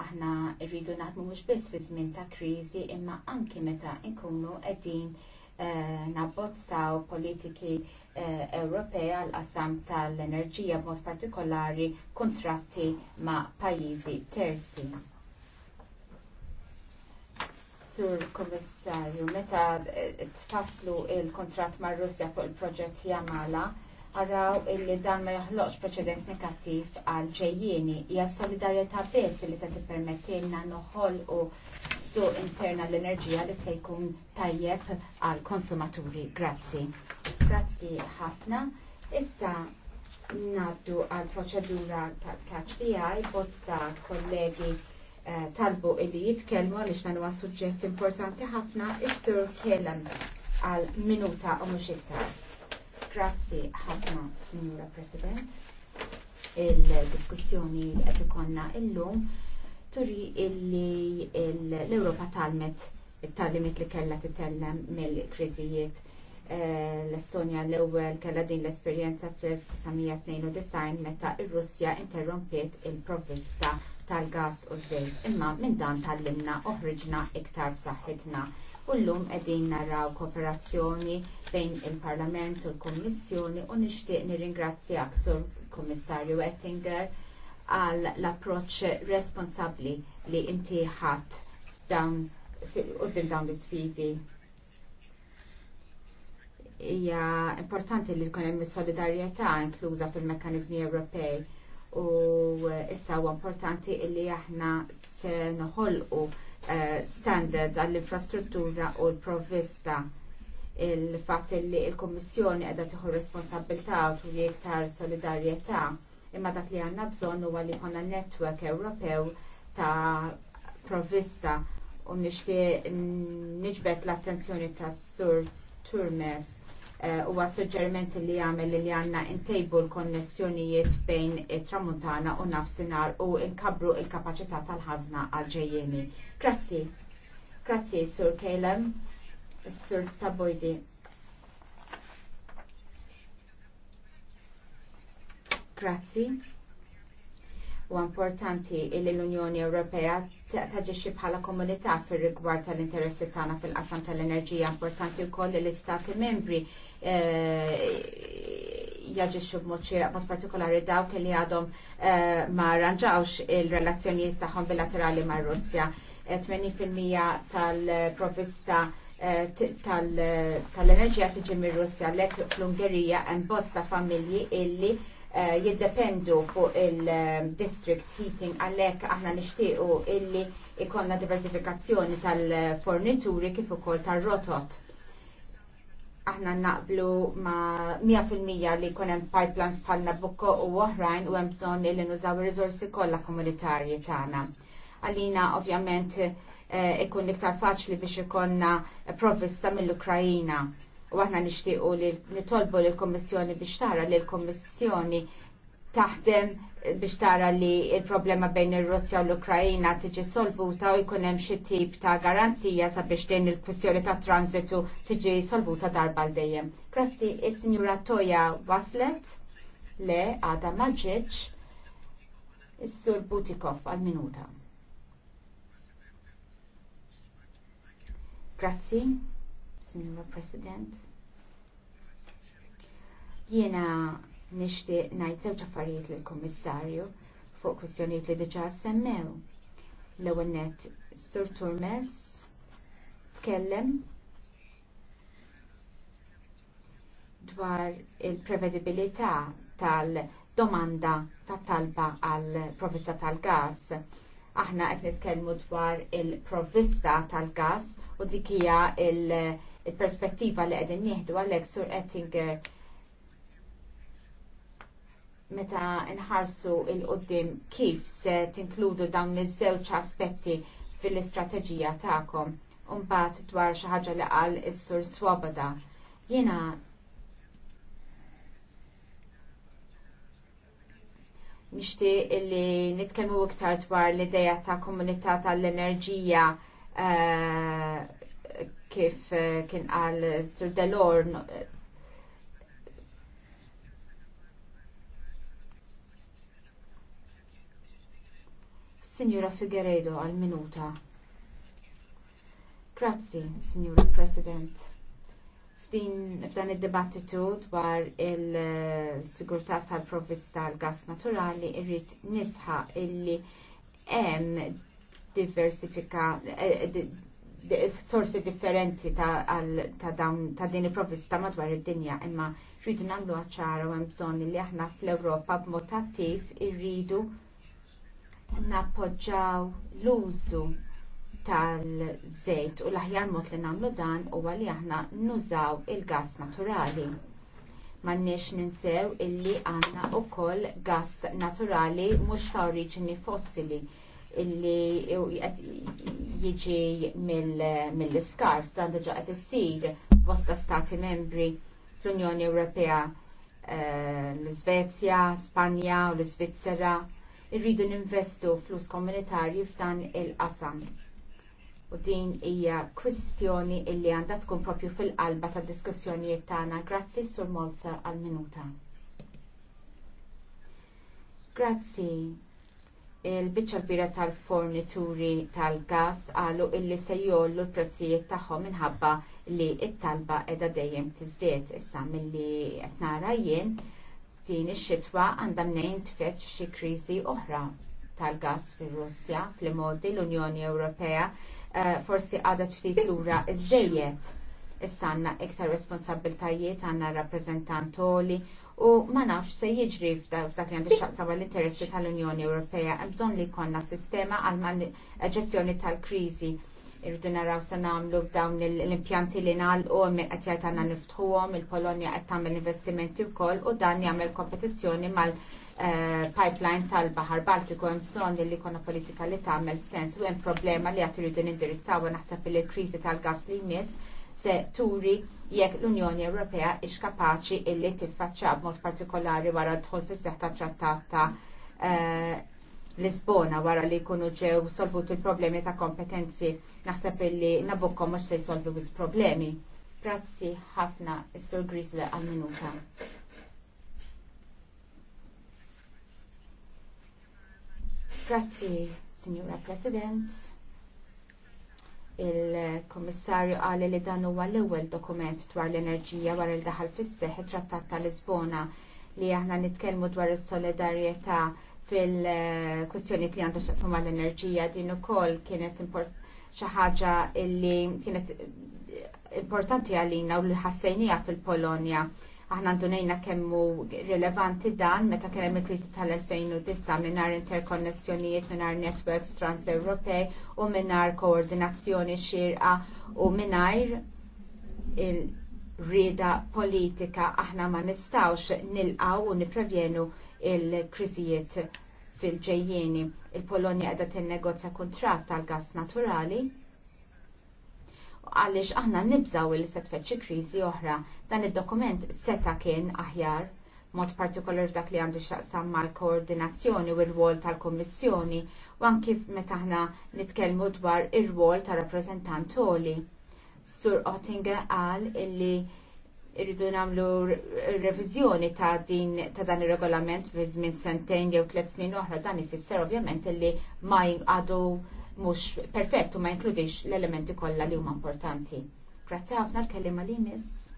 aħna rridu naħdmu mhux biss fi żmien ta' kriżi imma anki meta nkunu qegħdin uh, nabbozzaw politiki uh, Ewropea għal qasam tal-enerġija b'mod partikolari kuntratti ma' pajjiżi terzi. Sur Kommissarju, meta eh, tfasslu il-kontrat mar Russja fuq il-proġett Jamala, għarraw illi dan ma jaħloqx preċedent negattiv għal ġejjieni hija solidarjetà biss li se tippermettilna noħol u su interna l-enerġija li se jkun tajjeb għal konsumaturi. Grazzi. Grazzi ħafna. Issa naddu għal proċedura tal-kaċ bosta kollegi Eh, talbu illi jitkellmu għaliex dan huwa suġġett importanti ħafna is-sur kellem għal minuta u mhux iktar. Grazzi ħafna, Signora President. Il-diskussjoni li qed ikonna illum turi illi l-Ewropa talmet it-tallimit li kellha titellem mill-kriżijiet eh, l-Estonja l-ewwel kellha din l-esperjenza fl-1992 meta r-Russja interrompiet il-provvista tal-gas u żejt, imma minn dan tal-limna oħriġna iktar b'saħħitna. U llum qegħdin naraw kooperazzjoni bejn il-Parlament u l-Kommissjoni u nixtieq nirringrazzjak sur Kummissarju Ettinger għal l-approċċ responsabbli li inti ħadd dawn qudiem dawn l-isfidi hija importanti li tkun hemm is-solidarjetà inkluża fil-mekkaniżmi Ewropej u eh, issa huwa importanti illi aħna se noħolqu eh, standards għall-infrastruttura u l-provvista il-fatt li il-Kommissjoni qiegħda tieħu responsabilità u turi iktar solidarjetà imma dak li għandna bżonn huwa li jkollna netwerk Ewropew ta' provvista u nixtieq niġbed l-attenzjoni tas Sur Turmes Eh, huwa suġġeriment li jagħmel li għandna ntejbu l-konnessjonijiet bejn it-tramuntana u nafsinhar u nkabru l-kapaċità tal-ħażna għal-ġejjeni. Grazzi. Grazzi, Sur Kejlem. Sur Tabojdi. Grazzi. U importanti li l-Unjoni Ewropea taġixxi bħala komunità fir rigward tal-interessi tagħna fil-qasam tal-enerġija. Importanti wkoll li l-Istati membri eh, jaġixxu b'mod partikolari dawk li għadhom eh, ma arranġawx il-relazzjonijiet tagħhom bilaterali mar-Russja. 80% eh, tal-provista tal-enerġija tiġi mir-Russja lek fl-Ungerija hemm bosta familji illi Eh, jiddependu fuq il-district heating għalhekk aħna nixtiequ illi ikonna diversifikazzjoni tal-fornituri kif ukoll tal-rotot. Aħna naqblu ma 100% li jkun hemm pipelines bħal Nabucco u oħrajn u hemm bżonn li nużaw ir-riżorsi kollha komunitarji tagħna. Għalina ovvjament eh, ikun iktar faċli biex ikonna provvista mill-Ukrajina u aħna nixtiequ li nitolbu lill kommissjoni biex tara li l-Kommissjoni taħdem biex tara li il-problema bejn ir-Russja u l-Ukrajina tiġi solvuta u jkun hemm xi tip ta' garanzija sabiex din il-kwistjoni ta' transitu tiġi solvuta darba l dejjem. Grazzi, is-Sinjura Toja waslet le għada maġġeġ is-Sur Butikov għal-minuta. Grazzi. Signora President. Jiena nixtieq ngħid żewġ affarijiet lill-Kummissarju fuq kwistjonijiet li diġà semmew. L-ewwel nett Sur Turmes tkellem dwar il-prevedibilità tal-domanda ta' talba għal provista tal-gas. Aħna qed nitkellmu dwar il provista tal-gas u dik hija il-, -provvista tal -gas, il-perspettiva li qegħdin nieħdu għalhekk sur Ettinger meta nħarsu il-qoddim kif se tinkludu dawn iż-żewġ aspetti fil-istrateġija tagħkom u mbagħad dwar xi ħaġa li qal is-sur Swoboda. Jiena nixtieq li nitkellmu iktar dwar l-idea ta' komunità tal-enerġija uh, kif eh, kien għal Sir Delorn eh, Signora Figueredo għal minuta. Grazzi, Signora President. F'dan id-dibattitu dwar il-sigurtà tal-provvista tal-gas naturali irrit nisħa illi hemm diversifika eh, sorsi differenti ta' din il-provvista madwar id-dinja imma rridu nagħmlu għacċara u hemm bżonn li aħna fl-Ewropa b'mod attiv irridu nappoġġaw l-użu tal-żejt u l-aħjar mod li nagħmlu dan huwa li aħna nużaw il-gas naturali. M'għandniex ninsew illi għandna wkoll gas naturali mhux ta' oriġini fossili illi jiġi mill-iskarf dan diġa qed issir bosta stati membri fl-Unjoni Ewropea eh, l-Svezja, Spanja u l-Svizzera irridu ninvestu flus komunitarji f'dan il-qasam. U din hija kwistjoni illi għandha tkun propju fil-qalba tad diskussjonijiet tagħna. Grazzi sur Molza għal-minuta. Grazzi il-biċċa kbira tal-fornituri tal-gas qalu illi se jollu l-prezzijiet tagħhom minħabba li t talba qiegħda dejjem tiżdied issa milli qed nara jien din ix-xitwa għandha mnejn tfetx xi kriżi oħra tal-gas fir-Russja fl-modi l-Unjoni Ewropea eh, forsi għadha ftit lura iż Issa għandna iktar responsabiltajiet għandna rappreżentantoli u ma nafx se jiġri f'dak li għandu xaqsam l-interessi tal-Unjoni Ewropea hemm bżonn li jkollna sistema għal ġestjoni tal-kriżi. Irridu naraw se nagħmlu b'dawn l-impjanti li nagħlqu minn qed jgħid għandna niftħuhom, il-Polonja qed tagħmel investimenti wkoll u dan jagħmel kompetizzjoni mal eh, pipeline tal-Bahar Baltiku hemm bżonn li konna politika li tagħmel sens u hemm problema li qed iridu nindirizzaw naħseb il kriżi tal-gas li jmiss se turi jekk l-Unjoni Ewropea ix kapaċi illi tiffaċċa b'mod partikolari wara dħol fis ta' trattat ta' eh, Lisbona wara li jkunu ġew solvut il-problemi ta' kompetenzi naħseb illi nabokkom mhux se jsolvi wis problemi. Grazzi ħafna is-Sur Grisle għal-minuta. Grazzi, Signora President. Il-Komissarju qal li dan huwa l-ewwel dokument dwar l-enerġija wara l daħal fis-seħ it-Trattat ta' Lisbona li aħna nitkellmu dwar is-solidarjetà fil-kwestjoni li għandu xaqsmu mal-enerġija din ukoll kienet xi ħaġa li kienet importanti għalina u li ħassejnija fil-Polonja Aħna ndunajna kemmu rilevanti dan meta kien hemm il-kriżi tal-2009 mingħajr interkonnessjonijiet mingħajr networks trans-Ewropej u mingħajr koordinazzjoni xirqa u mingħajr il-rieda politika aħna ma nistawx nilqaw u niprevjenu il-kriżijiet fil-ġejjieni. Il-Polonja qiegħda tinnegozja kuntratt tal-gas naturali għaliex aħna nibżaw il se tfetxi kriżi oħra. Dan id-dokument seta kien aħjar mod partikolar f'dak li għandu xaqsam mal-koordinazzjoni u r-rwol tal-Kommissjoni u anki meta aħna nitkellmu dwar ir-rwol tar-rappreżentantoli. Sur Ottinger qal illi irridu nagħmlu revizjoni ta' din ta' dan ir-regolament fi żmien sentejn jew tliet snin oħra dan ifisser ovvjament illi ma għadu mhux perfett u ma jinkludix l-elementi kollha li huma importanti. Grazzi ħafna l kelliema li miss.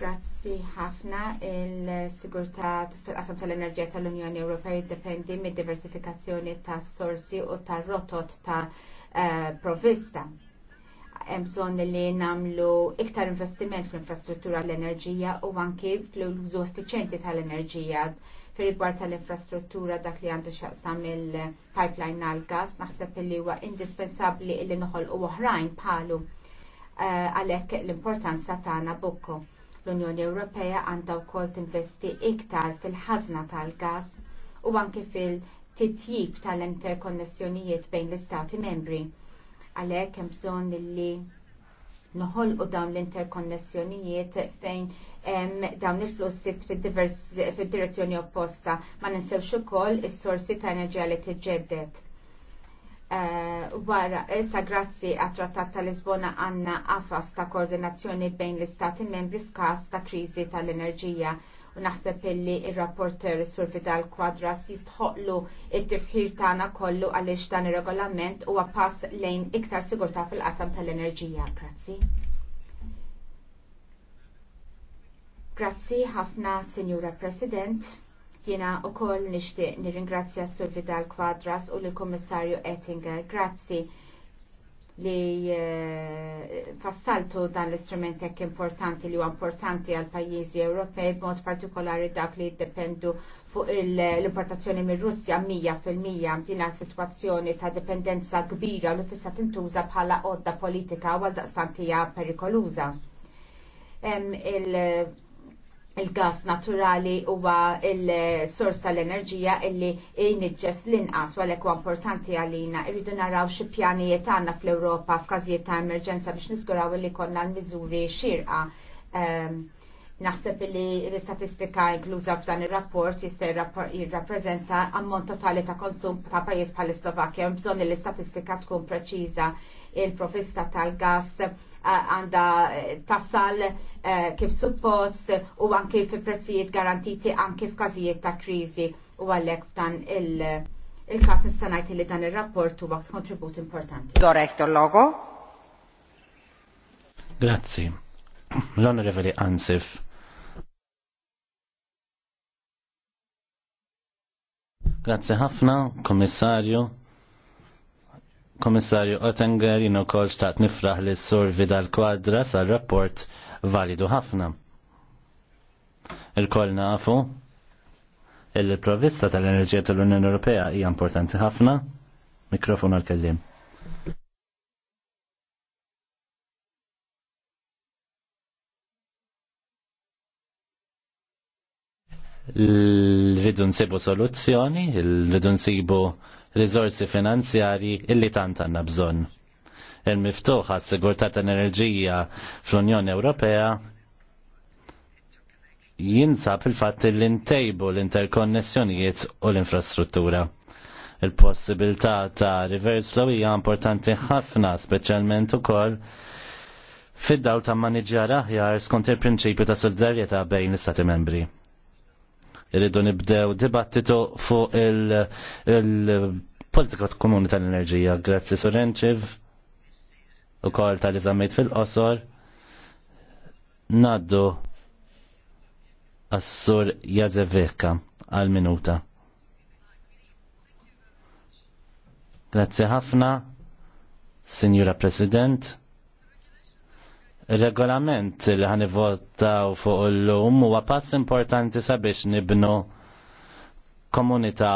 Grazzi ħafna il-sigurtà fil-qasam tal-enerġija tal-Unjoni Ewropea jiddependi mid-diversifikazzjoni tas sorsi u tar-rotot ta' eh, provvista. Hemm bżonn li nagħmlu iktar investiment fl-infrastruttura l-enerġija u anke fl-użu effiċjenti tal-enerġija fil rigward tal-infrastruttura dak li għandu xaqsam il-pipeline għal-gas, naħseb li huwa indispensabli li noħol u oħrajn palu eh, għalhekk l-importanza tagħna bokku. L-Unjoni Ewropea għandha wkoll tinvesti iktar fil-ħażna tal-gas u anke fil-titjib tal-interkonnessjonijiet bejn l-istati membri. Għalhekk hemm bżonn li noħolqu dawn l-interkonnessjonijiet fejn dawn il-flussi fil-direzzjoni opposta ma ninsewx ukoll is-sorsi ta' enerġija li tiġġedded. Eh, wara, issa grazzi għat trattat tal Lisbona għanna għafas ta' koordinazzjoni bejn l-istati membri f'każ ta' kriżi tal-enerġija u naħseb illi il-rapporter Sur Vidal Quadras jistħoqlu it-tifħir tagħna kollu għaliex dan ir-regolament huwa pass lejn iktar sigurtà fil-qasam tal-enerġija. Grazzi. Grazzi ħafna, Signora President. Jena u koll nishtiq nirringrazzja Sur Vidal Quadras u l-Kommissarju Ettinger. Grazzi li eh, fassaltu dan l-istrument ek importanti li huwa importanti għal pajjiżi Ewropej b'mod partikolari dak li jiddependu fuq l-importazzjoni mir russja 100% din situazzjoni ta' dipendenza kbira li tista' tintuża bħala odda politika għal daqstant hija perikoluża. il il-gas naturali huwa il-sors tal-enerġija illi jniġġes l-inqas għalhekk huwa importanti għalina. Irridu naraw xi pjanijiet għandna fl-Ewropa f'każijiet ta' emerġenza biex niżguraw li konna l-miżuri xirqa. Um, Naħseb li l-istatistika inkluża f'dan ir-rapport jista' jirrappreżenta ammont totali ta' konsum ta' pajjiż bħal-Slovakkja. Bżonn li l-istatistika tkun preċiża il-provista tal-gas Eh, għanda eh, tassal eh, kif suppost u anke fi prezzijiet garantiti anke f'każijiet ta' kriżi u għalhekk f'dan il- il-kas ngħid li dan il-rapport huwa kontribut importanti. Director logo. Grazzi. L-onorevoli Ansif. Grazie ħafna, kommissarju. Komissarju Ottinger jino kol xtaqt nifraħ li s-survi dal-kwadra sa' rapport validu ħafna. Il-koll nafu il-provvista tal-enerġija tal-Unjoni Ewropea hija importanti ħafna. Mikrofon għal-kellim. rridu nsibu soluzzjoni, rridu nsibu rizorsi finanzjarji illi tant għandna bżonn. Il-miftuħ għas-sigurtà ta' enerġija fl-Unjoni Ewropea jinsab il-fatt li ntejbu l-interkonnessjonijiet u l-infrastruttura. Il-possibilità ta' reverse flow hija importanti ħafna, speċjalment ukoll fid-dawl ta' maniġjar aħjar skont il-prinċipju ta' solidarjetà bejn l-Istati membri. Irridu nibdew dibattitu fuq il-, il politika komuni tal-enerġija. Grazzi Sorenċiv u kol tal-izammit fil-qosor. Naddu assur Jazevika għal-minuta. Grazzi ħafna, Signora President. regolament li vota u fuq l-lum huwa pass importanti sabiex nibnu komunità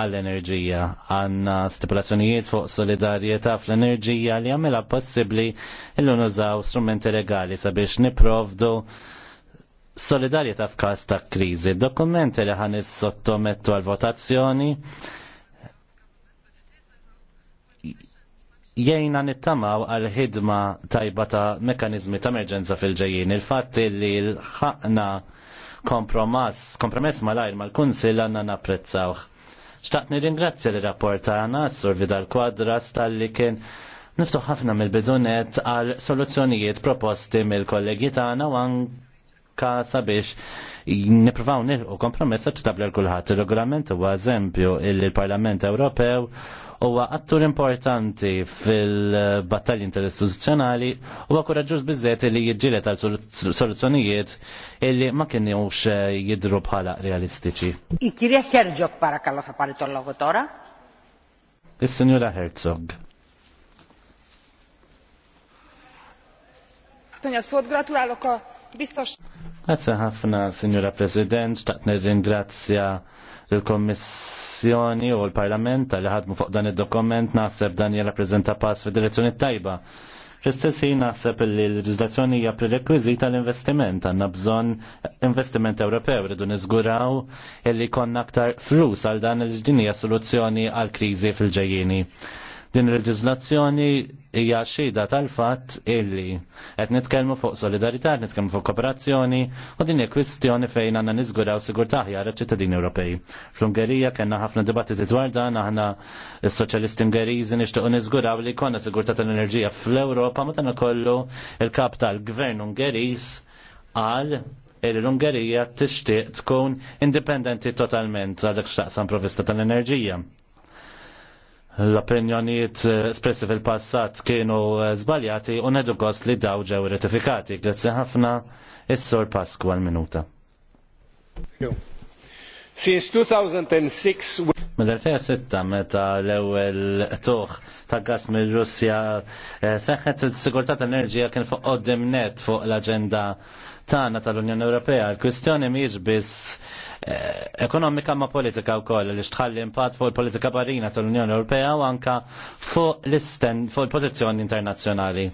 għall-enerġija. Għanna stipulazzjonijiet fuq solidarjetà fl-enerġija li għamela possibli illu nużaw strumenti legali sabiex niprovdu solidarjetà f'każ ta' kriżi. Dokumenti li ħan sottomettu għal votazzjoni jgħina nittamaw għal ħidma tajba ta' mekanizmi ta' emerġenza fil-ġejjin. Il-fatt li l-ħakna kompromess mal-ajr mal-kunsil għanna napprezzawħ Xtaqt nirringrazzja li rapportana s-sur Vidal Quadras tal-li kien niftuħ ħafna mill-bidunet għal soluzzjonijiet proposti mill-kollegi tagħna u anka sabiex nippruvaw nilqu kompromessa ċtabler kulħadd Il-regolament huwa eżempju il-Parlament Ewropew huwa attur importanti fil-battalji interistituzzjonali u koraġġuż biżżejjed li jiġġieled tal soluzzjonijiet illi ma kienux eh, jidru bħala realistiċi. Ikirja Herzog para parakallu fa paritollogu tora? Is-Sinjura Herzog. Tonja Sod, gratulálok a biztos. Grazie ħafna, Sinjura President, taqt nirringrazzja il kommissjoni u l-Parlament li ħadmu fuq dan id-dokument naħseb dan jirrappreżenta pass fid-direzzjoni tajba. Fl-istess ħin naħseb li l leġislazzjoni hija prerekwiżita l-investiment, għandna bżonn investiment Ewropew rridu niżguraw illi konna aktar flus għal dan il-ġdinija soluzzjoni għal kriżi fil-ġejjini. Din il-leġizlazzjoni hija xejda tal-fatt illi qed nitkellmu fuq solidarità, nitkellmu fuq kooperazzjoni u din hija kwistjoni fejn għandna niżguraw sigurtà aħjar ċittadini Ewropej. Fl-Ungerija kellna ħafna dibattiti dwar dan aħna s-soċjalisti Ungeriżi nixtiequ niżguraw li jkollna sigurtà tal-enerġija fl-Ewropa ma tagħna kollu il-kap tal-Gvern Ungeriż qal il l-Ungerija tixtieq tkun indipendenti totalment għal dak xtaqsam provista tal-enerġija l-opinjonijiet eh, espressi fil-passat kienu eh, zbaljati u nedu gost li daw ġew ratifikati. Grazzi ħafna is-Sur Pasku għal-minuta. Since 2006 Mill-2006 meta l-ewwel tuħ ta' gas mill-Russja eh, seħħet is-sigurtà tal-enerġija kien fuq qoddim net fuq l agenda tagħna tal-Unjoni Ewropea. Il-kwistjoni mhijiex biss Eh, ekonomika ma' politika wkoll li xtħalli impat fuq il-politika barina tal-Unjoni Ewropea u anka fuq l-isten fuq il-pożizzjoni internazzjonali.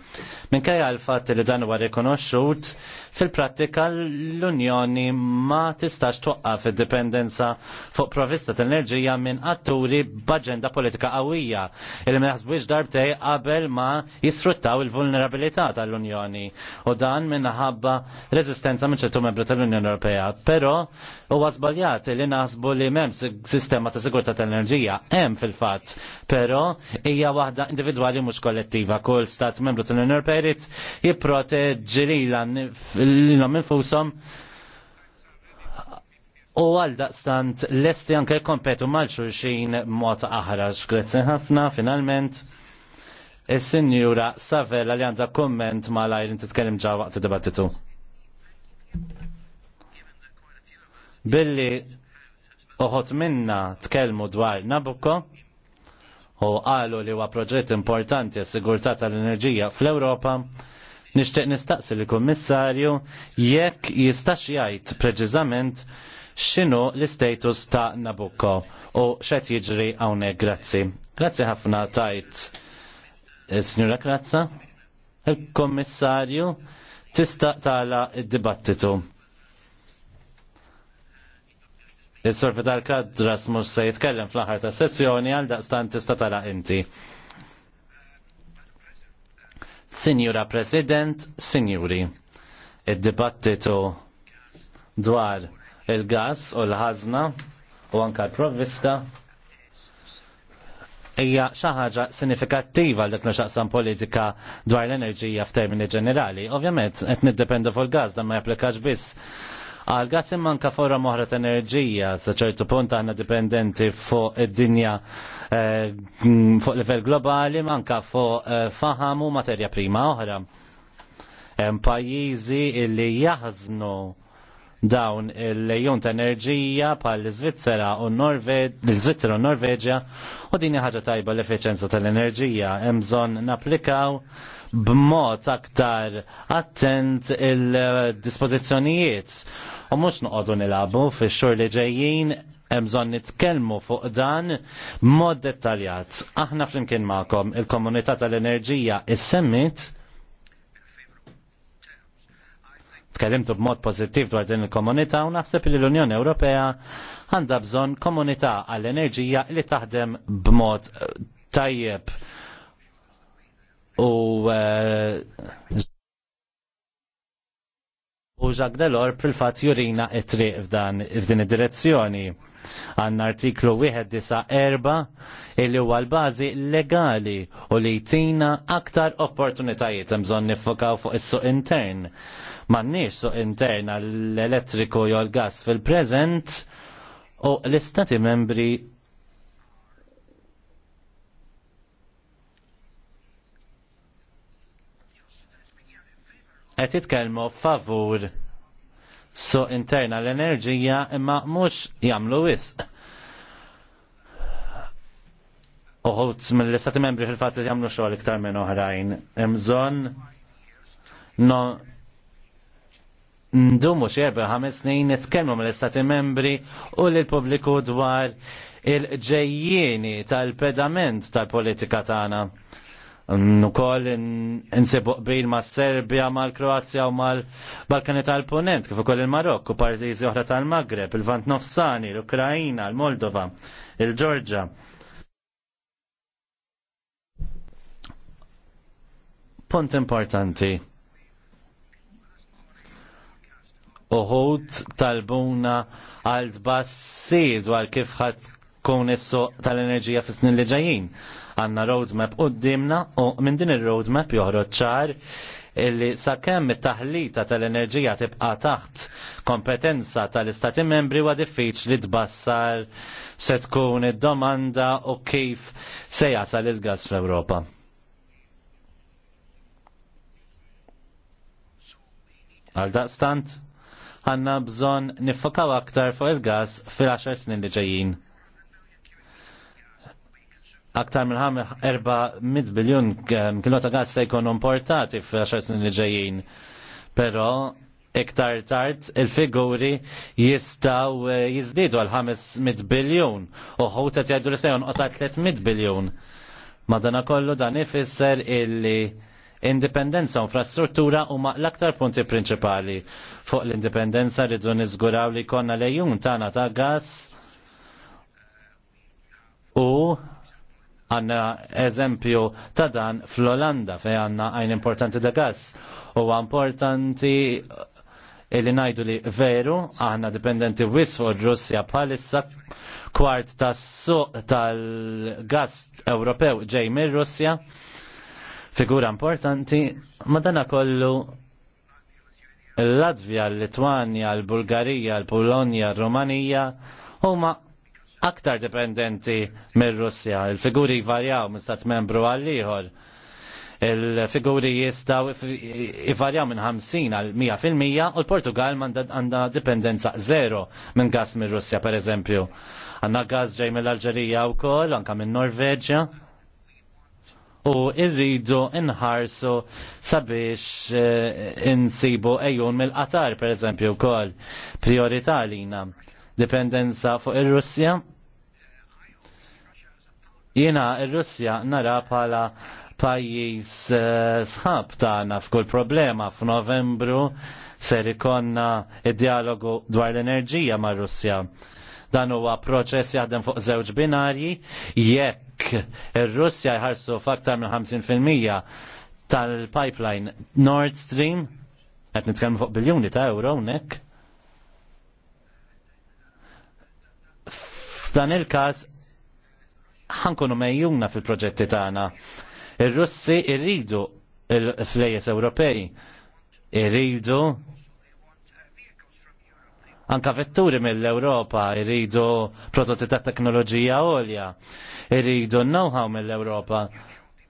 Minkejja l fat li dan huwa rikonoxxut Fil-prattika l-Unjoni ma tistax twaqqaf id-dipendenza fuq provista tal-enerġija minn atturi b'aġenda politika qawwija il meħsbux darbtej qabel ma jisfruttaw il-vulnerabilità tal-Unjoni u dan minħabba rezistenza minn ċertu membri tal-Unjoni Ewropea. Però huwa żbaljat li naħsbu li m'hemm sistema ta' sigurtà tal-enerġija hemm fil-fatt, però hija waħda individwali mhux kollettiva. Kull stat membru tal-Unjoni Ewropea jrid jipproteġġi lilan li namil fusam U għal daqstant l-esti anke kompetu mal-xurxin mot aħraġ. Grazie ħafna, finalment. Is-sinjura Savella li għandha komment ma' ajr inti tkellem ġa waqt dibattitu. Billi uħot minna tkellmu dwar Nabucco u qalu li huwa proġett importanti għas-sigurtà tal-enerġija fl-Ewropa Nixtieq nistaqsi li kummissarju jekk jistax jgħid preċiżament x'inhu l-istatus ta' Nabucco u x'qed jiġri hawnhekk grazzi. Grazzi ħafna tajt eh, Signora Krazza, il-Kommissarju tista' tala id-dibattitu. Is-sorfi tal-kadras mhux se jitkellem fl-aħħar ta' sessjoni għal daqstan tista' tala inti. Sinjura President, Sinjuri, il dibattitu dwar il-gas u l-ħazna u anka l-provvista hija xi ħaġa sinifikattiva li kienu xaqsam politika dwar l-enerġija f'termini ġenerali. Ovvjament qed niddependu fuq il-gas dan ma japplikax biss għal gas manka anka forra moħra ta' enerġija sa ċertu punt għanna dipendenti fuq id-dinja eh, fuq level globali manka anka fuq eh, faham u materja prima oħra. Hemm pajjiżi li dawn il-lejjun ta' enerġija pal iżvizzera u l-Svizzera u Norveġja u din ħaġa tajba l-efficienza tal-enerġija. Hemm bżonn napplikaw b'mod aktar attent il-dispożizzjonijiet u mhux noqogħdu nilagħbu fix-xhur li ġejjin hemm bżonn nitkellmu fuq dan mod dettaljat. Aħna flimkien ma'kom il-komunità tal-enerġija is-semmit tkellimtu b'mod pozittiv dwar din il-komunità u naħseb li l-Unjoni Ewropea għandha bżonn komunità għall-enerġija li taħdem b'mod eh, tajjeb u eh, U Jacques Delors fil-fat jurina it-triq f'din id-direzzjoni. Għanna artiklu 194 illi huwa l-bażi legali u li jtina aktar opportunitajiet mżon bżonn nifokaw fuq is-suq intern. M'għandniex suq intern għall-elettriku jew l-gas fil-preżent u l-istati membri qed jitkellmu favur su interna l-enerġija imma mhux jagħmlu wisq. Uħut mill-istati membri fil-fatt jagħmlu xogħol iktar minn oħrajn. Hemm bżonn no ndumu xierba ħames snin nitkellmu mill-istati membri u l-pubbliku dwar il-ġejjieni tal-pedament tal-politika tagħna. Nukoll nsebu qbil ma' Serbia, ma' l-Kroazja u ma' l-Balkani tal-Ponent, kif ukoll il-Marokku, parżiżi oħra tal-Magreb, il-Vant Nofsani, l-Ukrajina, l-Moldova, il-Ġorġa. Punt importanti. Uħud talbuna għal tbassir dwar kif ħadd kun is tal-enerġija fis-snin li ġejjin Għanna roadmap d-dimna u minn din il-roadmap joħroġ ċar illi sakemm it-taħlita tal-enerġija tibqa' taħt kompetenza tal-Istati membri huwa diffiċli tbassar se tkun id-domanda u kif se jasal il-gas fl-Ewropa. Għal daqstant, għanna bżon nifokaw aktar fuq il-gas fil-10 snin li ġejjin aktar minn 400 biljun kilo ta' gas se jkunu importati f'għaxar snin li ġejjin. Però iktar tard il-figuri jistaw eh, jizdidu għal 500 biljun u ħutet jgħidu li se jonqos 300 biljun. Madana kollu dan ifisser illi indipendenza u infrastruttura huma l-aktar punti prinċipali. Fuq l-indipendenza ridu niżguraw li konna lejun tagħna ta' gas u Għanna eżempju ta' dan fl-Olanda fej għanna għajn importanti da' gas. U importanti eh, illi najdu li veru għanna dipendenti wis fuq Russja bħalissa kwart tas suq tal-gas Ewropew ġej mir Russja figura importanti ma dana kollu l-Latvja, l-Litwanja, l-Bulgarija, l-Polonja, l-Romanija huma aktar dipendenti mir-Russja. Il-figuri jvarjaw minn stat membru għal ieħor il-figuri jistaw jivarjaw minn 50 għal 100% u l-Portugal għandha dipendenza zero minn gas mir Russja per eżempju. Għanna gas ġej mill-Alġerija u kol, anka minn Norveġja. U irridu inħarsu sabiex eh, insibu ejjun mill-qatar per eżempju kol. Priorità lina dipendenza fuq ir-Russja. Jiena ir-Russja nara bħala pajjiż eh, sħab tagħna f'kull problema f'Novembru ser ikonna id-dialogu dwar l-enerġija ma' Russja. Dan huwa proċess jaħdem fuq żewġ binarji jekk ir-Russja jħarsu f'aktar minn 50% tal-pipeline Nord Stream, qed nitkellmu fuq biljuni ta' euro hawnhekk f'dan il-każ ħankunu mejjuna fil-proġetti tagħna. Ir-Russi rridu l-flejjes Ewropej, irridu anka vetturi mill-Europa, irridu prodotti ta' teknoloġija għolja, irridu know-how mill-Europa.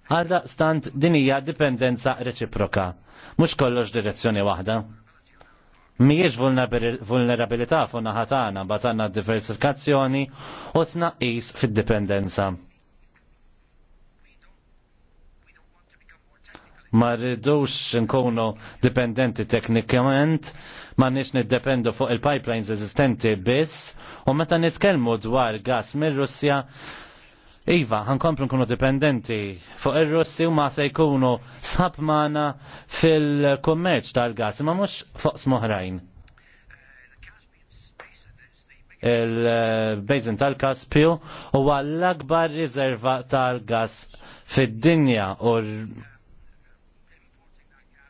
Għalda stant din hija dipendenza reċiproka, Mhux kollox direzzjoni waħda. Miex vulnerabilità fuq naħatana batanna diversifikazzjoni u tnaqqis fid-dipendenza. ma rridux nkunu dipendenti teknikament, ma nix niddependu fuq il-pipelines eżistenti biss, u meta nitkellmu dwar gas mir-Russja, Iva, ħankomplu nkunu dipendenti fuq ir-Russi u ma se jkunu sħab fil-kummerċ tal-gas, ma mhux fuq smoħrajn. il bejzin tal-Kaspju huwa l-akbar riserva tal-gas fid-dinja u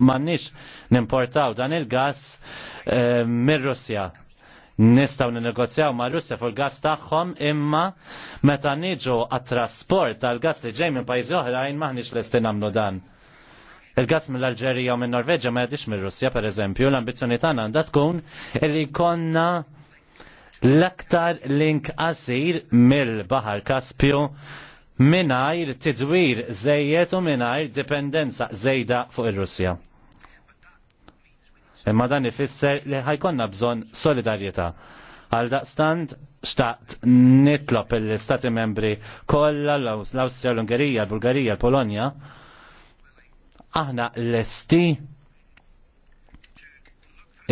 m'għandniex nimportaw dan il-gas eh, mir-Russja nistaw ninegozjaw ma' Russja fuq il-gas tagħhom imma meta niġu għat-trasport tal-gas li ġej minn pajjiżi oħrajn maħniex lesti nagħmlu dan. Il-gas mill-Alġerija u minn norveġġja ma jadix mir-Russja pereżempju, l-ambizzjoni tagħna għandha tkun li konna l-aktar link qasir mill-Baħar Kaspju mingħajr tidwir żejjed u mingħajr dipendenza żejda fuq ir-Russja. Imma dan ifisser li ħajkonna bżonn solidarjetà. Għal daqstant xtaqt nitlob l stati membri kollha l-Awstrija, l-Ungerija, l-Bulgarija, l-Polonja aħna l-esti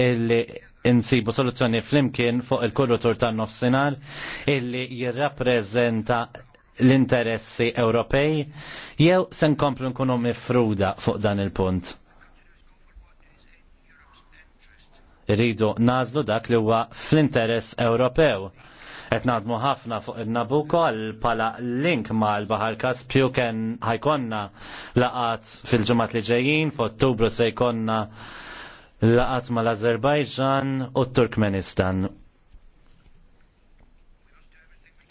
illi insibu soluzzjoni flimkien fuq il-kurrutur tan nofsinar illi jirrapprezenta l-interessi Ewropej jew se nkomplu nkunu mifruda fuq dan il-punt. Rridu nażlu dak li huwa fl-interess Ewropew. Qed nadmu ħafna fuq il-Nabuko pala link ma' l-Bahar Kaspju ken ħajkonna laqat fil-ġumat li ġejjin, f'Ottubru se jkonna laqat ma' l-Azerbajġan u t-Turkmenistan.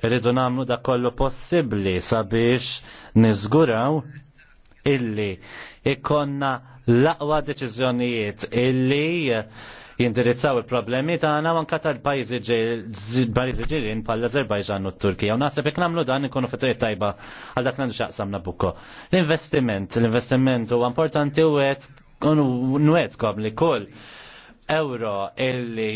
Rridu namlu da kollu possibli sabiex nizguraw illi ikonna laqwa deċiżjonijiet illi jindirizzaw il-problemi tagħna u anke tal-pajjiżi ġirien l azerbajġan u t-Turkija. U naħseb jekk nagħmlu dan ikonu fitri tajba għal dak nandu xaqsam Nabucco. L-investiment, l-investiment huwa importanti u għet nwedkom li kull euro illi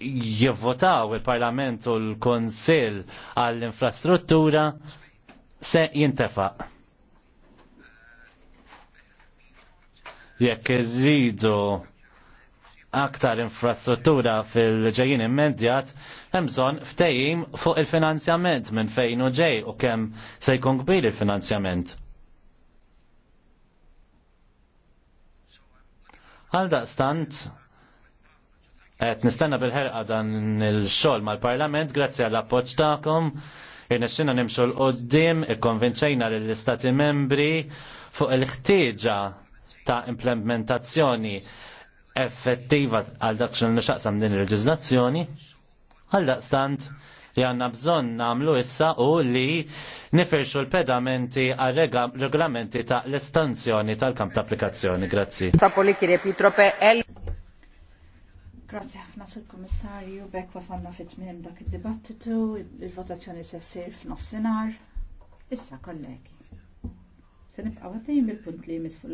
jivvotaw il-Parlament u l-Konsil għall-infrastruttura se jintefaq. Jekk irridu aktar infrastruttura fil-ġejjin immedjat, hemm bżonn ftehim fuq il-finanzjament minn fejn u ġej u kemm se jkun kbir il-finanzjament. Għal daqstant, Et nistenna bil-ħerqa dan il-xol mal-parlament, grazzi għall-appoċ ta'kom, irnexxina nimxu l-qoddim, ikkonvinċejna l-istati membri fuq il-ħtieġa ta' implementazzjoni effettiva għal dak xil xaqsam din il-leġizlazzjoni, għal stant li għanna bżon namlu issa u li nifirxu l-pedamenti għal regolamenti ta' l-estanzjoni tal-kamp ta' applikazzjoni. Grazzi. Ta' poliki repitrope el. Grazzi ħafna sil komissarju bekk wasalna fit tmiem dak id-dibattitu, il-votazzjoni se ssir f'nofsinhar. Issa kollegi. Se nibqa' bil-punt li jmiss